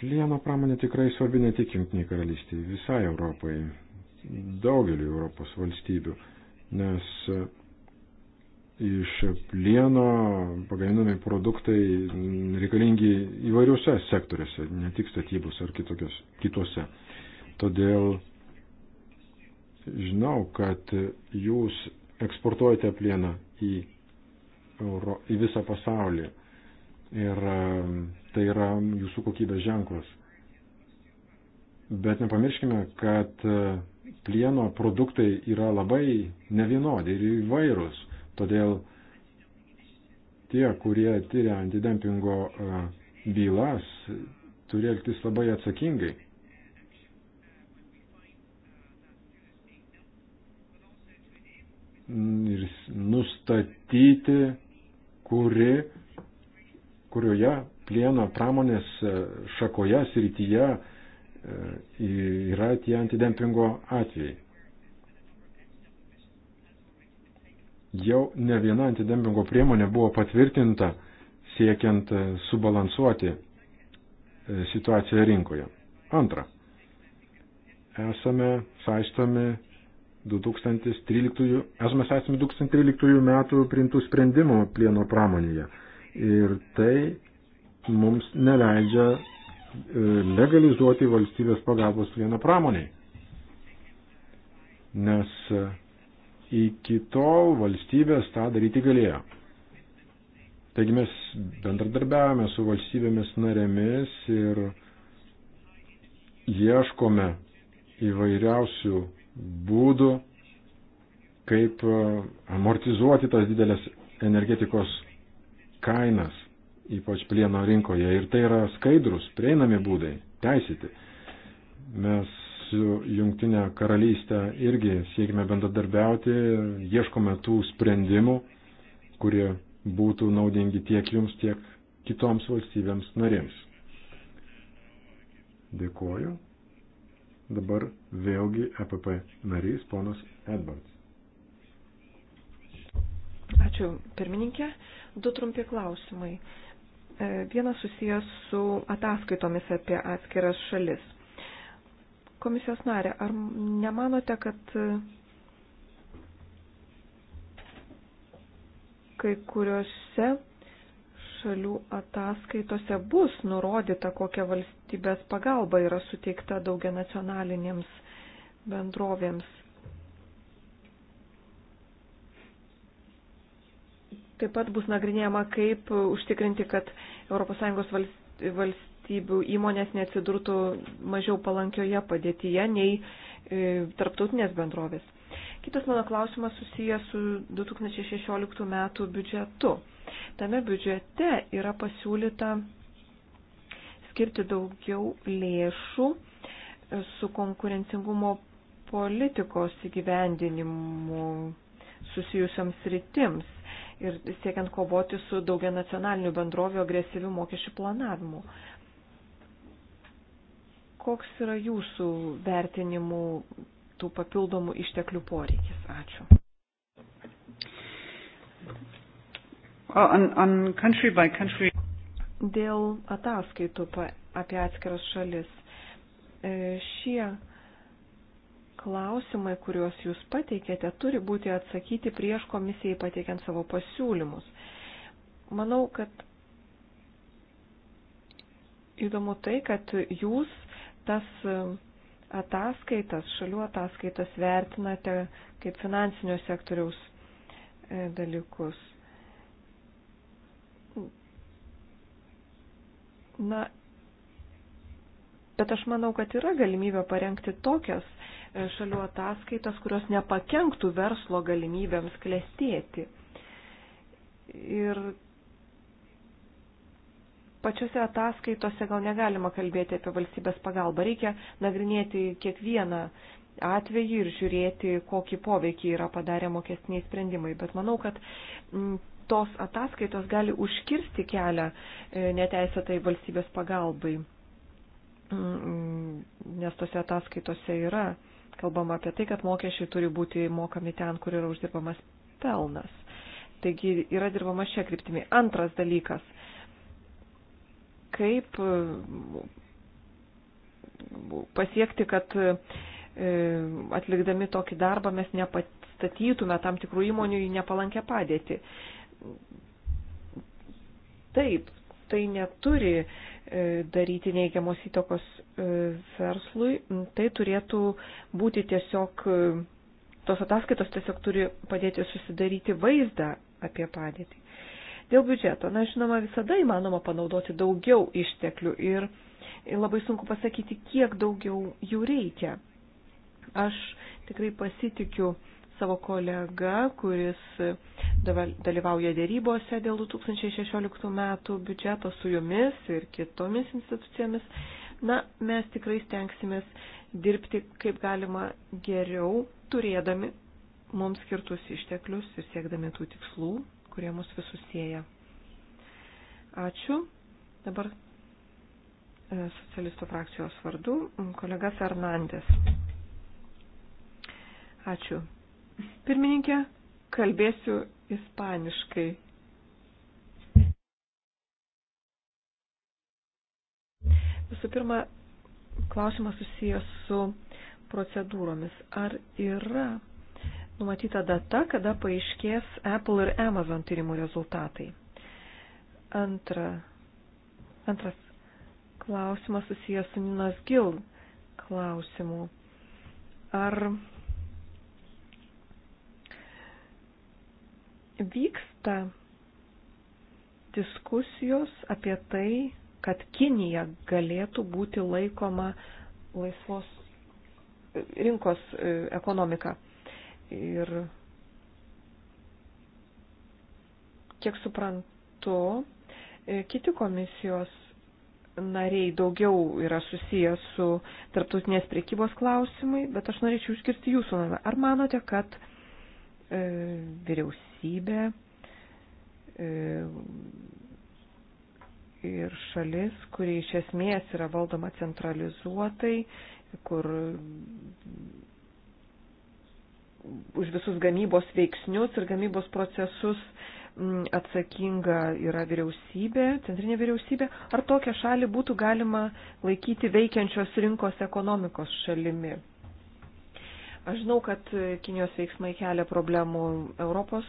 Plieno pramonė tikrai svarbi ne tik Junktiniai karalystiai, visai Europai, daugeliu Europos valstybių, nes e, iš plieno pagaminami produktai reikalingi įvairiuose sektoriuose, ne tik statybos ar kitokios, kitose. Todėl Žinau, kad jūs eksportuojate plieną į, Euro, į visą pasaulį ir um, tai yra jūsų kokybės ženklas. Bet nepamirškime, kad uh, plieno produktai yra labai nevienodi ir įvairūs. Todėl tie, kurie tyria antidempingo uh, bylas, turi elgtis labai atsakingai. ir nustatyti, kuri, kurioje plieno pramonės e, šakoje, srityje e, yra tie antidempingo atvejai. Jau ne viena antidempingo priemonė buvo patvirtinta siekiant e, subalansuoti situaciją rinkoje. Antra, esame saistomi 2013, esame esame 2013 metų priimtų sprendimų plieno pramonėje. Ir tai mums neleidžia e, legalizuoti valstybės pagalbos plieno pramoniai. Nes e, iki tol valstybės tą daryti galėjo. Taigi mes bendradarbiavame su valstybėmis narėmis ir ieškome įvairiausių būdų, kaip e, amortizuoti tas didelės energetikos kainas, ypač plieno rinkoje. Ir tai yra skaidrus, prieinami būdai, teisyti. Mes su Jungtinė karalystė irgi siekime bendradarbiauti, ieškome tų sprendimų, kurie būtų naudingi tiek jums, tiek kitoms valstybėms narėms. Dėkuoju. Dabar vėlgi EPP narys, ponas Edvards. Ačiū, pirmininkė. Du trumpi klausimai. E, vienas susijęs su ataskaitomis apie atskiras šalis. Komisijos narė, ar nemanote, kad kai kuriuose šalių ataskaitose bus nurodyta, kokia valstybės pagalba yra suteikta daugia nacionalinėms bendrovėms. Taip pat bus nagrinėjama, kaip užtikrinti, kad ES valstybių įmonės neatsidurtų mažiau palankioje padėtyje nei e, tarptautinės bendrovės. Kitas mano klausimas susijęs su 2016 metų biudžetu. Tame biudžete yra pasiūlyta skirti daugiau lėšų e, su konkurencingumo politikos įgyvendinimu susijusiams rytims ir siekiant kovoti su daugia nacionalinių bendrovių agresyvių mokesčių planavimu. Koks yra jūsų vertinimų tų papildomų išteklių poreikis. Ačiū. On, on country by country. Dėl ataskaitų apie atskiras šalis. E, šie klausimai, kuriuos jūs pateikėte, turi būti atsakyti prieš komisijai pateikiant savo pasiūlymus. Manau, kad įdomu tai, kad jūs tas ataskaitas, šalių ataskaitas vertinate kaip finansinio sektoriaus e, dalykus. Na, bet aš manau, kad yra galimybė parengti tokias e, šalių ataskaitas, kurios nepakenktų verslo galimybėms klestėti. Ir pačiose ataskaitose gal negalima kalbėti apie valstybės pagalbą. Reikia nagrinėti kiekvieną atvejį ir žiūrėti, kokį poveikį yra padarę mokestiniai sprendimai. Bet manau, kad mm, tos ataskaitos gali užkirsti kelią e, neteisėtai valstybės pagalbai. Mm, nes tose ataskaitose yra kalbama apie tai, kad mokesčiai turi būti mokami ten, kur yra uždirbamas pelnas. Taigi yra dirbama šia kryptimi. Antras dalykas kaip e, pasiekti, kad e, atlikdami tokį darbą mes nepastatytume tam tikrų įmonių į nepalankę padėtį. Taip, tai neturi e, daryti neigiamos įtakos verslui, tai turėtų būti tiesiog, tos ataskaitos tiesiog turi padėti susidaryti vaizdą apie padėtį. Dėl biudžeto, na, žinoma, visada įmanoma panaudoti daugiau išteklių ir labai sunku pasakyti, kiek daugiau jų reikia. Aš tikrai pasitikiu savo kolega, kuris dalyvauja dėrybose dėl 2016 metų biudžeto su jumis ir kitomis institucijomis. Na, mes tikrai stengsimės dirbti kaip galima geriau, turėdami mums skirtus išteklius ir siekdami tų tikslų, kurie mus visus sieja. Ačiū. Dabar e, socialistų frakcijos vardu kolega Fernandės. Ačiū. Pirmininkė, kalbėsiu ispaniškai. Visų pirma, klausimas susijęs su procedūromis. Ar yra numatyta data, kada paaiškės Apple ir Amazon tyrimų rezultatai. Antra, antras klausimas susijęs su Ninas Gil klausimu. Ar vyksta diskusijos apie tai, kad Kinija galėtų būti laikoma laisvos rinkos e, ekonomika? Ir kiek suprantu, e, kiti komisijos nariai daugiau yra susijęs su tarptautinės priekybos klausimai, bet aš norėčiau išgirsti jūsų nuomonę. Ar manote, kad e, vyriausybė e, ir šalis, kuri iš esmės yra valdoma centralizuotai, kur už visus gamybos veiksnius ir gamybos procesus mm, atsakinga yra vyriausybė, centrinė vyriausybė, ar tokią šalį būtų galima laikyti veikiančios rinkos ekonomikos šalimi? Aš žinau, kad Kinijos veiksmai kelia problemų Europos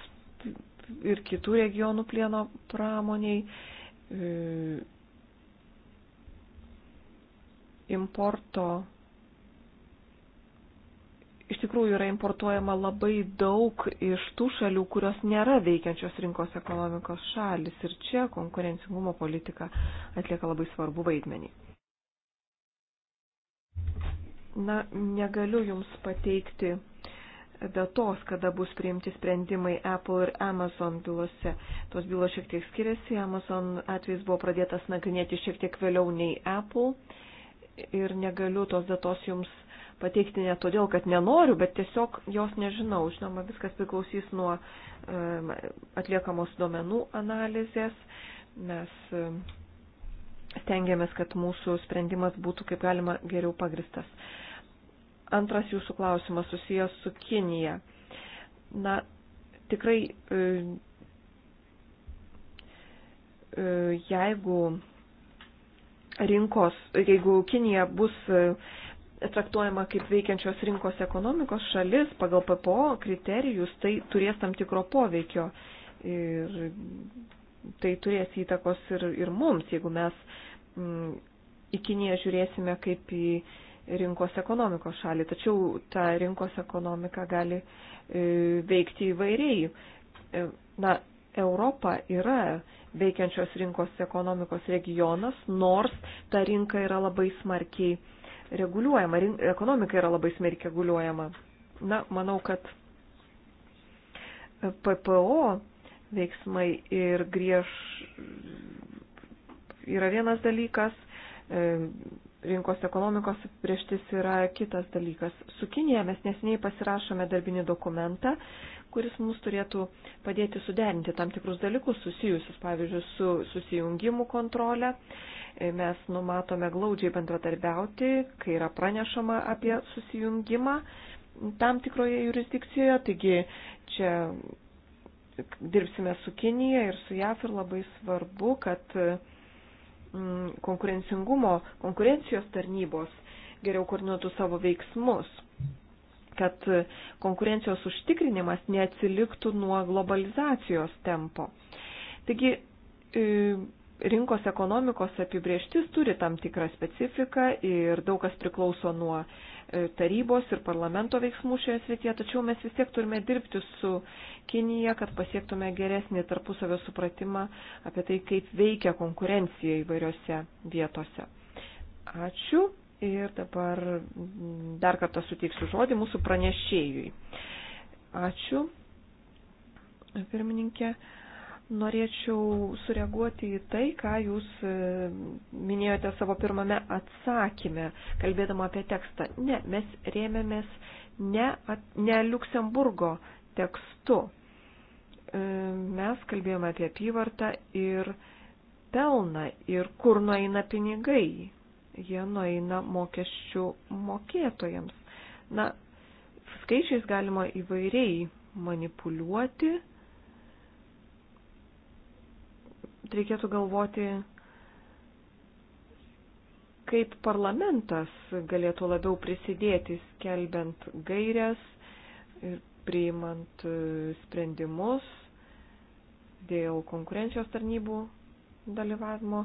ir kitų regionų plieno pramoniai. E, importo iš tikrųjų yra importuojama labai daug iš tų šalių, kurios nėra veikiančios rinkos ekonomikos šalis. Ir čia konkurencingumo politika atlieka labai svarbu vaidmenį. Na, negaliu Jums pateikti datos, kada bus priimti sprendimai Apple ir Amazon bylose. Tos bylos šiek tiek skiriasi. Amazon atvejs buvo pradėtas nagrinėti šiek tiek vėliau nei Apple. Ir negaliu tos datos Jums pateikti pateikti ne todėl, kad nenoriu, bet tiesiog jos nežinau. Žinoma, viskas priklausys nuo atliekamos duomenų analizės. Mes stengiamės, kad mūsų sprendimas būtų kaip galima geriau pagristas. Antras jūsų klausimas susijęs su Kinija. Na, tikrai, jeigu rinkos, jeigu Kinija bus traktuojama kaip veikiančios rinkos ekonomikos šalis pagal PPO kriterijus, tai turės tam tikro poveikio. Ir tai turės įtakos ir, ir mums, jeigu mes m, mm, į Kiniją žiūrėsime kaip į rinkos ekonomikos šalį. Tačiau ta rinkos ekonomika gali e, veikti įvairiai. E, na, Europa yra veikiančios rinkos ekonomikos regionas, nors ta rinka yra labai smarkiai reguliuojama, ekonomika yra labai smarkiai reguliuojama. Na, manau, kad PPO veiksmai ir griež yra vienas dalykas, e, rinkos ekonomikos prieštis yra kitas dalykas. Su Kinėje mes nesiniai pasirašome darbinį dokumentą, kuris mums turėtų padėti suderinti tam tikrus dalykus susijusius, pavyzdžiui, su susijungimų kontrolė. E, mes numatome glaudžiai bendradarbiauti, kai yra pranešama apie susijungimą tam tikroje jurisdikcijoje. Taigi čia dirbsime su Kinija ir su JAF ir labai svarbu, kad mm, konkurencingumo, konkurencijos tarnybos geriau koordinuotų savo veiksmus kad konkurencijos užtikrinimas neatsiliktų nuo globalizacijos tempo. Taigi, e, rinkos ekonomikos apibrieštis turi tam tikrą specifiką ir daug kas priklauso nuo e, tarybos ir parlamento veiksmų šioje srityje, tačiau mes vis tiek turime dirbti su Kinija, kad pasiektume geresnį tarpusavio supratimą apie tai, kaip veikia konkurencija įvairiose vietose. Ačiū. Ir dabar mm, dar kartą suteiksiu žodį mūsų pranešėjui. Ačiū, pirmininkė. Norėčiau sureaguoti į tai, ką jūs mm, minėjote savo pirmame atsakymė, kalbėdama apie tekstą. Ne, mes rėmėmės ne, ne Luksemburgo tekstu. E, mes kalbėjome apie apyvartą ir pelną ir kur nueina pinigai jie nueina mokesčių mokėtojams. Na, skaičiais galima įvairiai manipuliuoti. Reikėtų galvoti, kaip parlamentas galėtų labiau prisidėti, skelbiant gairias ir priimant e, sprendimus dėl konkurencijos tarnybų dalyvavimo.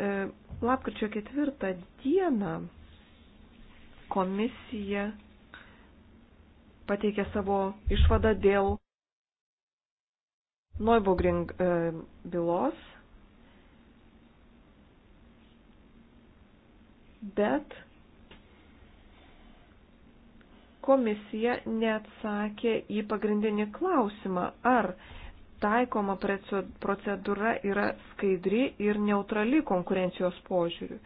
E, lapkričio ketvirtą dieną komisija pateikė savo išvadą dėl Neubogring e, bylos, bet komisija neatsakė į pagrindinį klausimą, ar taikoma procedūra yra skaidri ir neutrali konkurencijos požiūriu.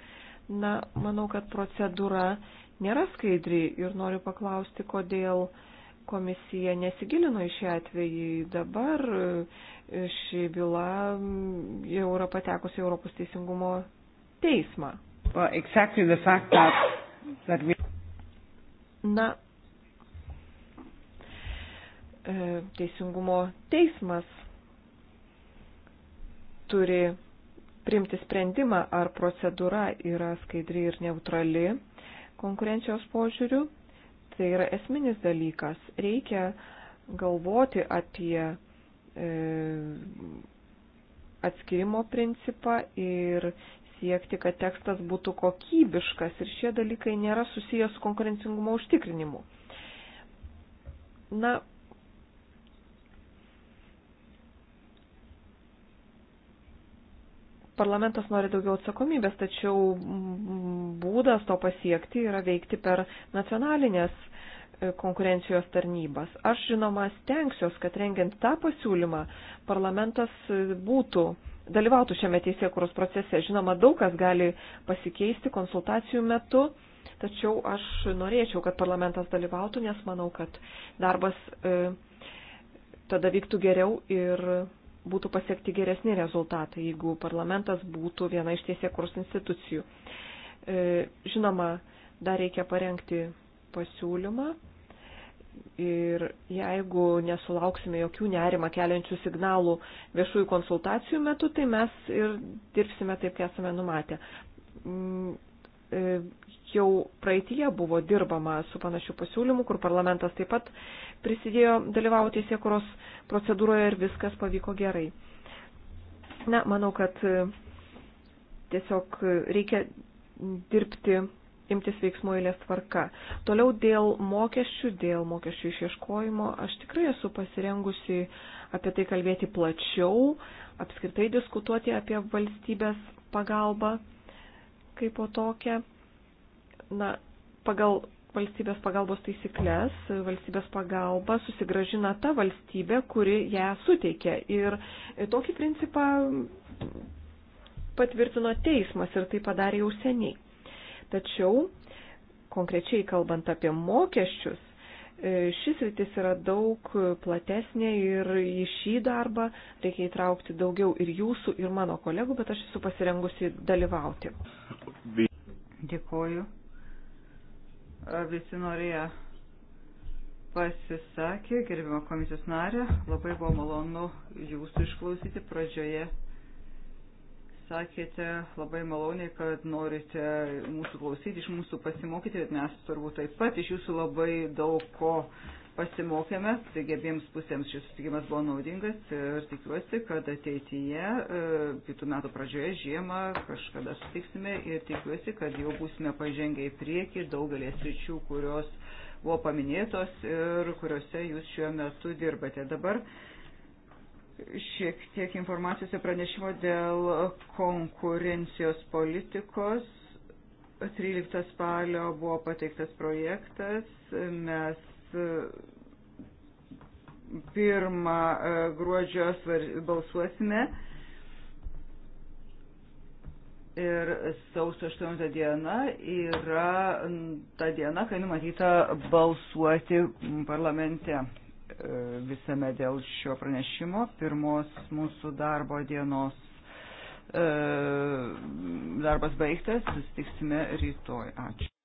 Na, manau, kad procedūra nėra skaidri ir noriu paklausti, kodėl komisija nesigilino į šį atvejį. Dabar e, ši byla jau yra patekusi Europos teisingumo teismą. Well, exactly that, that we... Na, e, teisingumo teismas turi priimti sprendimą, ar procedūra yra skaidri ir neutrali konkurencijos požiūrių. Tai yra esminis dalykas. Reikia galvoti apie e, atskirimo principą ir siekti, kad tekstas būtų kokybiškas ir šie dalykai nėra susijęs su konkurencingumo užtikrinimu. Na, Parlamentas nori daugiau atsakomybės, tačiau būdas to pasiekti yra veikti per nacionalinės e, konkurencijos tarnybas. Aš žinoma stengsiuos, kad rengiant tą pasiūlymą parlamentas e, būtų, dalyvautų šiame teisėkuros procese. Žinoma, daug kas gali pasikeisti konsultacijų metu, tačiau aš norėčiau, kad parlamentas dalyvautų, nes manau, kad darbas e, tada vyktų geriau ir būtų pasiekti geresni rezultatai, jeigu parlamentas būtų viena iš tiesiekurs institucijų. E, žinoma, dar reikia parengti pasiūlymą ir jeigu nesulauksime jokių nerima keliančių signalų viešųjų konsultacijų metu, tai mes ir dirbsime taip, kaip esame numatę. Mm, e, jau praeitie buvo dirbama su panašių pasiūlymų, kur parlamentas taip pat prisidėjo dalyvauti teisėkuros procedūroje ir viskas pavyko gerai. Na, manau, kad e, tiesiog reikia dirbti, imtis veiksmų eilės tvarka. Toliau dėl mokesčių, dėl mokesčių išieškojimo, aš tikrai esu pasirengusi apie tai kalbėti plačiau, apskritai diskutuoti apie valstybės pagalbą kaip po tokią na, pagal valstybės pagalbos taisyklės, valstybės pagalba susigražina ta valstybė, kuri ją suteikia. Ir tokį principą patvirtino teismas ir tai padarė jau seniai. Tačiau, konkrečiai kalbant apie mokesčius, e, šis rytis yra daug platesnė ir į šį darbą reikia įtraukti daugiau ir jūsų, ir mano kolegų, bet aš esu pasirengusi dalyvauti. Dėkoju. Visi norėjo pasisakė, gerbimo komisijos narė, labai buvo malonu jūsų išklausyti pradžioje. Sakėte labai maloniai, kad norite mūsų klausyti, iš mūsų pasimokyti, bet mes turbūt taip pat iš jūsų labai daug ko pasimokėme, taigi abiems pusėms šis susitikimas buvo naudingas ir tikiuosi, kad ateityje, e, kitų metų pradžioje, žiemą kažkada sutiksime ir tikiuosi, kad jau būsime pažengę į priekį daugelį sričių, kurios buvo paminėtos ir kuriuose jūs šiuo metu dirbate. Dabar šiek tiek informacijos ir pranešimo dėl konkurencijos politikos. 13 spalio buvo pateiktas projektas, mes pirmą e, gruodžio balsuosime. Ir sausio 8 diena yra ta diena, kai numatyta balsuoti parlamente e, visame dėl šio pranešimo. Pirmos mūsų darbo dienos e, darbas baigtas, susitiksime rytoj. Ačiū.